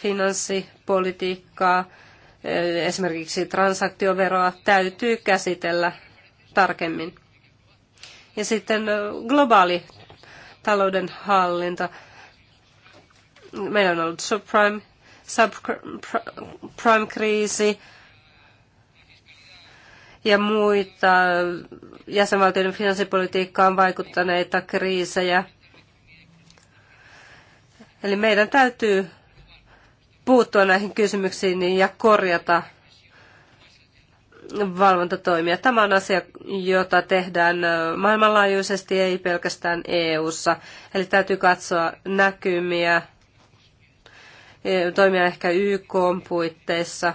finanssipolitiikkaa, esimerkiksi transaktioveroa täytyy käsitellä tarkemmin. Ja sitten globaali talouden hallinta. Meillä on ollut subprime subprime-kriisi ja muita jäsenvaltioiden finanssipolitiikkaan vaikuttaneita kriisejä. Eli meidän täytyy puuttua näihin kysymyksiin ja korjata valvontatoimia. Tämä on asia, jota tehdään maailmanlaajuisesti, ei pelkästään EU-ssa. Eli täytyy katsoa näkymiä toimia ehkä YK puitteissa.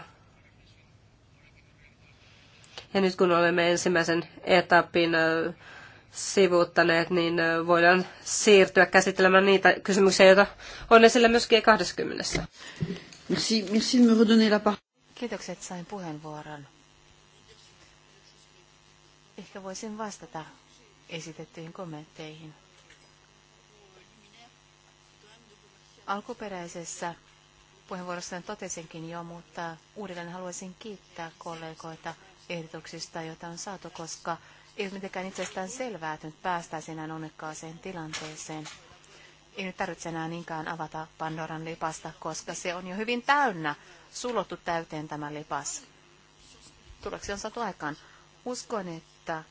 Ja nyt kun olemme ensimmäisen etapin sivuuttaneet, niin voidaan siirtyä käsittelemään niitä kysymyksiä, joita on esillä myös G20. Kiitoksia, me että sain puheenvuoron. Ehkä voisin vastata esitettyihin kommentteihin. Alkuperäisessä puheenvuorossani totesinkin jo, mutta uudelleen haluaisin kiittää kollegoita ehdotuksista, joita on saatu, koska ei ole mitenkään itsestään selvää, että nyt päästäisiin näin onnekkaaseen tilanteeseen. Ei nyt tarvitse enää niinkään avata Pandoran lipasta, koska se on jo hyvin täynnä, sulottu täyteen tämä lipas. Tuloksi on saatu aikaan. Uskon, että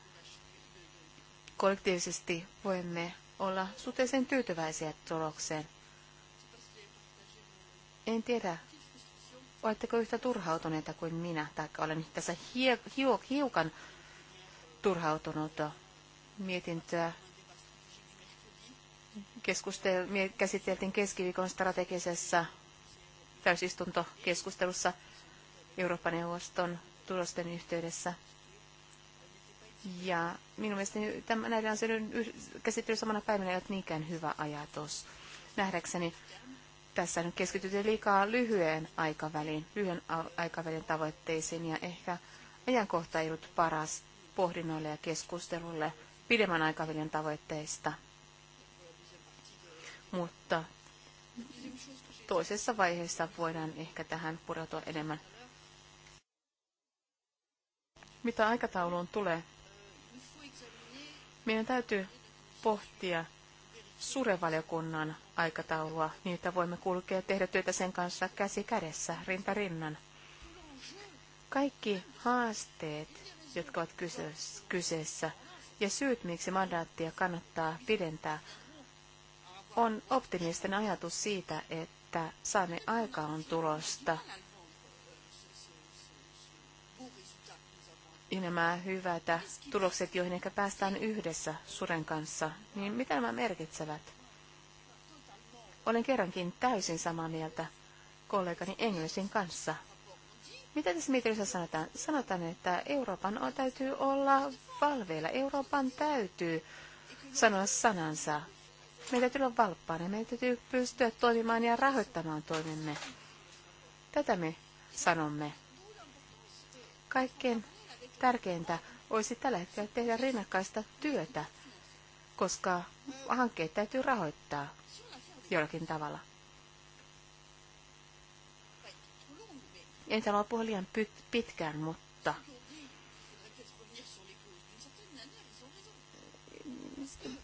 kollektiivisesti voimme olla suhteellisen tyytyväisiä tulokseen. En tiedä, oletteko yhtä turhautuneita kuin minä, taikka olen tässä hiukan turhautunut mietintöä. Keskustel, käsiteltiin keskiviikon strategisessa täysistuntokeskustelussa Euroopan neuvoston tulosten yhteydessä. Ja minun mielestäni tämän, näiden asioiden käsittely samana päivänä ei ole niinkään hyvä ajatus. Nähdäkseni tässä nyt keskitytään liikaa lyhyen aikavälin, lyhyen aikavälin tavoitteisiin ja ehkä ajankohta ei ollut paras pohdinnoille ja keskustelulle pidemmän aikavälin tavoitteista. Mutta toisessa vaiheessa voidaan ehkä tähän pureutua enemmän. Mitä aikatauluun tulee? Meidän täytyy pohtia surevaliokunnan aikataulua, niin että voimme kulkea ja tehdä työtä sen kanssa käsi kädessä, rinta rinnan. Kaikki haasteet, jotka ovat kyseessä, ja syyt, miksi mandaattia kannattaa pidentää, on optimistinen ajatus siitä, että saamme aikaan tulosta ja nämä hyvät tulokset, joihin ehkä päästään yhdessä suren kanssa, niin mitä nämä merkitsevät? Olen kerrankin täysin samaa mieltä kollegani Englisin kanssa. Mitä tässä mietinnössä sanotaan? Sanotaan, että Euroopan on, täytyy olla valveilla. Euroopan täytyy sanoa sanansa. Meidän täytyy olla valppaana. Meidän täytyy pystyä toimimaan ja rahoittamaan toimimme. Tätä me sanomme. Kaikkien tärkeintä olisi tällä hetkellä tehdä rinnakkaista työtä, koska hankkeet täytyy rahoittaa jollakin tavalla. En sano puhua liian pitkään, mutta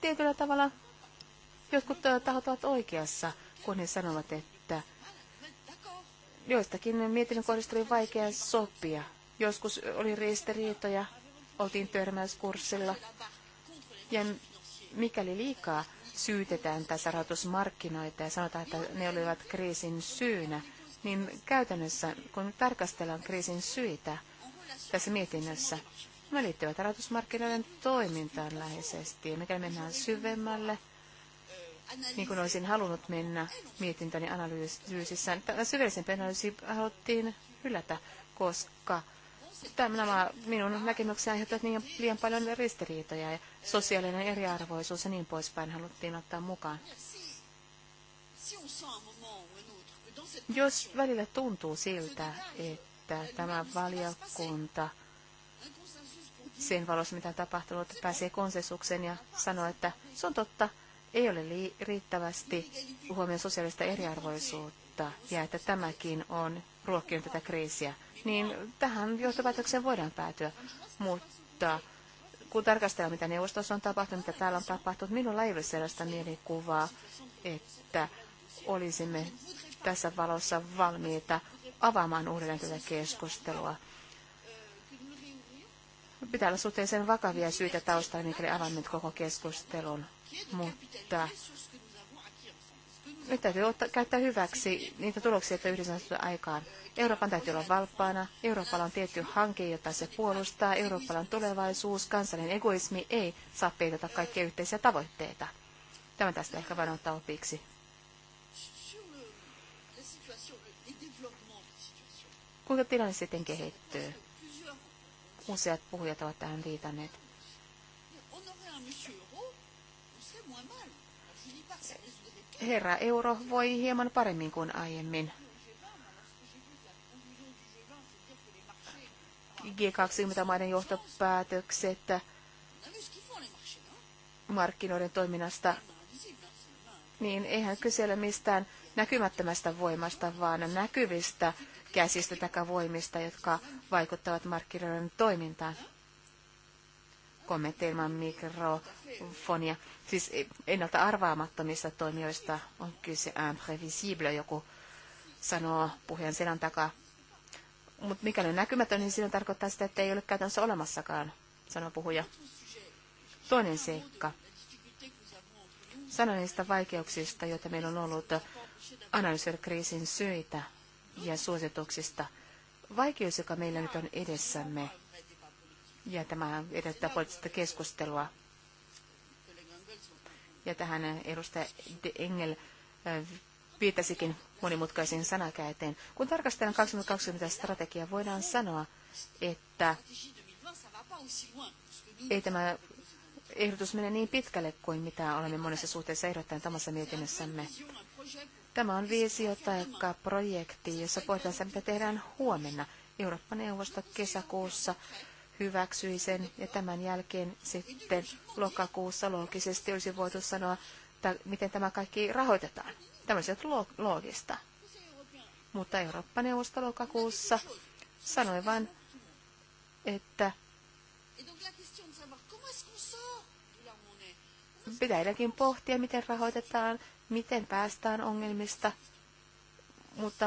tietyllä tavalla jotkut tahot ovat oikeassa, kun he sanovat, että joistakin mietinnön kohdista oli vaikea sopia. Joskus oli ristiriitoja, oltiin törmäyskurssilla. Ja mikäli liikaa syytetään tässä rahoitusmarkkinoita ja sanotaan, että ne olivat kriisin syynä, niin käytännössä, kun tarkastellaan kriisin syitä tässä mietinnössä, ne liittyvät rahoitusmarkkinoiden toimintaan läheisesti. Ja mikäli mennään syvemmälle, niin kuin olisin halunnut mennä mietintöni analyysissä, syvällisempi analyysi haluttiin hylätä, koska Tämä, nämä minun näkemykseni aiheuttavat niin liian paljon ristiriitoja ja sosiaalinen eriarvoisuus ja niin poispäin haluttiin ottaa mukaan. Jos välillä tuntuu siltä, että tämä valiokunta sen valossa, mitä on tapahtunut, pääsee konsensukseen ja sanoo, että se on totta, ei ole riittävästi huomioon sosiaalista eriarvoisuutta taloutta ja että tämäkin on ruokkinut tätä kriisiä, niin tähän johtopäätökseen voidaan päätyä. Mutta kun tarkastellaan, mitä neuvostossa on tapahtunut, mitä täällä on tapahtunut, minulla ei ole sellaista mielikuvaa, että olisimme tässä valossa valmiita avaamaan uudelleen tätä keskustelua. Pitää olla suhteellisen vakavia syitä taustalla, mikäli avaamme koko keskustelun, mutta nyt täytyy ottaa, käyttää hyväksi niitä tuloksia, joita yhdessä on aikaan. Euroopan täytyy olla valppaana, Euroopalla on tietty hanke, jota se puolustaa, Euroopalla on tulevaisuus, kansallinen egoismi ei saa peitata kaikkia yhteisiä tavoitteita. Tämä tästä ehkä vain ottaa opiksi. Kuinka tilanne sitten kehittyy? Useat puhujat ovat tähän viitanneet herra euro voi hieman paremmin kuin aiemmin. G20-maiden johtopäätökset markkinoiden toiminnasta, niin eihän kysele mistään näkymättömästä voimasta, vaan näkyvistä käsistä tai voimista, jotka vaikuttavat markkinoiden toimintaan kommentti mikrofonia. Siis ennalta arvaamattomista toimijoista on kyse imprevisible, joku sanoo puheen selän takaa. Mutta mikäli on näkymätön, niin silloin tarkoittaa sitä, että ei ole käytännössä olemassakaan, sanoo puhuja. Toinen seikka. Sanoin niistä vaikeuksista, joita meillä on ollut analysoida kriisin syitä ja suosituksista. Vaikeus, joka meillä nyt on edessämme, ja tämä edellyttää poliittista keskustelua. Ja tähän edustaja De Engel viittasikin monimutkaisiin sanakäyteen. Kun tarkastellaan 2020 strategiaa, voidaan sanoa, että ei tämä ehdotus mene niin pitkälle kuin mitä olemme monessa suhteessa ehdottaneet omassa mietinnössämme. Tämä on visio tai projekti, jossa pohditaan mitä tehdään huomenna. Eurooppa-neuvosto kesäkuussa hyväksyi sen ja tämän jälkeen sitten lokakuussa loogisesti olisi voitu sanoa, että miten tämä kaikki rahoitetaan. Tämä olisi loogista. Mutta Eurooppa-neuvosto lokakuussa sanoi vain, että pitäisikin pohtia, miten rahoitetaan, miten päästään ongelmista. Mutta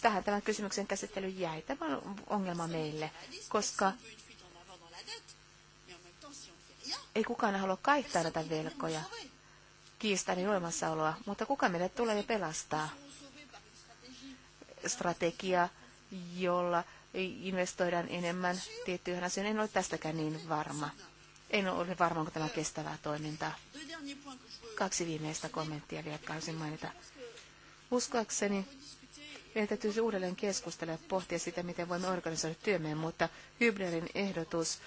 tähän tämän kysymyksen käsittely jäi. Tämä ongelma meille, koska ei kukaan halua kaihtaa näitä velkoja, kiistää niin olemassaoloa, mutta kuka meidät tulee pelastaa? Strategia, jolla investoidaan enemmän tiettyihin asioihin, en ole tästäkään niin varma. En ole varma, onko tämä kestävää toimintaa. Kaksi viimeistä kommenttia vielä kansin mainita. Uskoakseni meidän täytyisi uudelleen keskustella ja pohtia sitä, miten voimme organisoida työmme, mutta Hybnerin ehdotus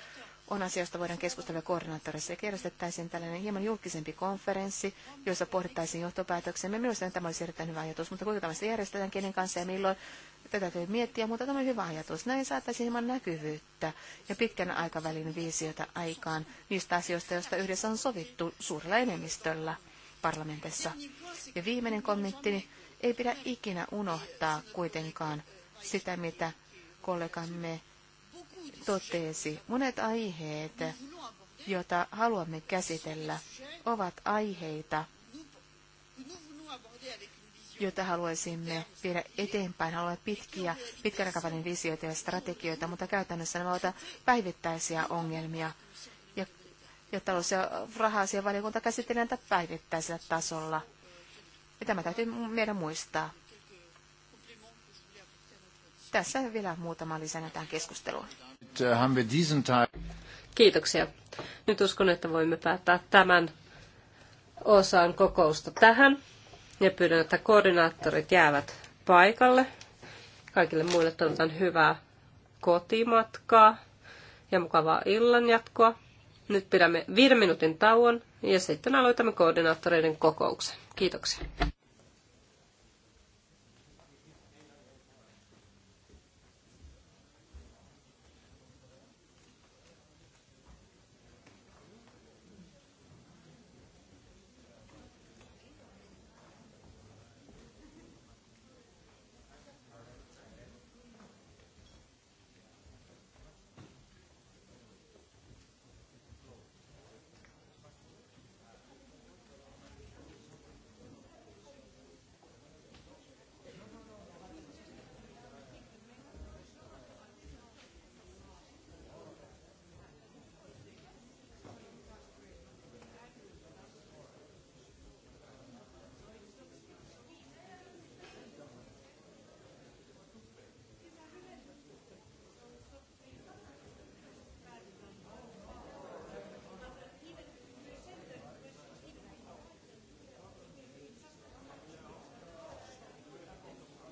on asiasta voidaan keskustella koordinaattorissa ja järjestettäisiin tällainen hieman julkisempi konferenssi, jossa pohdittaisiin johtopäätöksemme. Minusta tämä olisi erittäin hyvä ajatus, mutta kuinka tämä järjestetään, kenen kanssa ja milloin, tätä täytyy miettiä, mutta tämä on hyvä ajatus. Näin saataisiin hieman näkyvyyttä ja pitkän aikavälin viisiota aikaan niistä asioista, joista yhdessä on sovittu suurella enemmistöllä parlamentissa. Ja viimeinen kommenttini, niin ei pidä ikinä unohtaa kuitenkaan sitä, mitä kollegamme totesi, monet aiheet, joita haluamme käsitellä, ovat aiheita, joita haluaisimme viedä eteenpäin. Haluamme pitkiä, pitkän aikavälin visioita ja strategioita, mutta käytännössä nämä ovat päivittäisiä ongelmia. Ja, ja talous- ja raha-asianvaliokunta käsittelee näitä päivittäisellä tasolla. Ja tämä täytyy meidän muistaa. Tässä vielä muutama lisänä tähän keskusteluun. Äh, Kiitoksia. Nyt uskon, että voimme päättää tämän osan kokousta tähän. Ja pyydän, että koordinaattorit jäävät paikalle. Kaikille muille toivotan hyvää kotimatkaa ja mukavaa illanjatkoa. Nyt pidämme viiden minuutin tauon ja sitten aloitamme koordinaattoreiden kokouksen. Kiitoksia.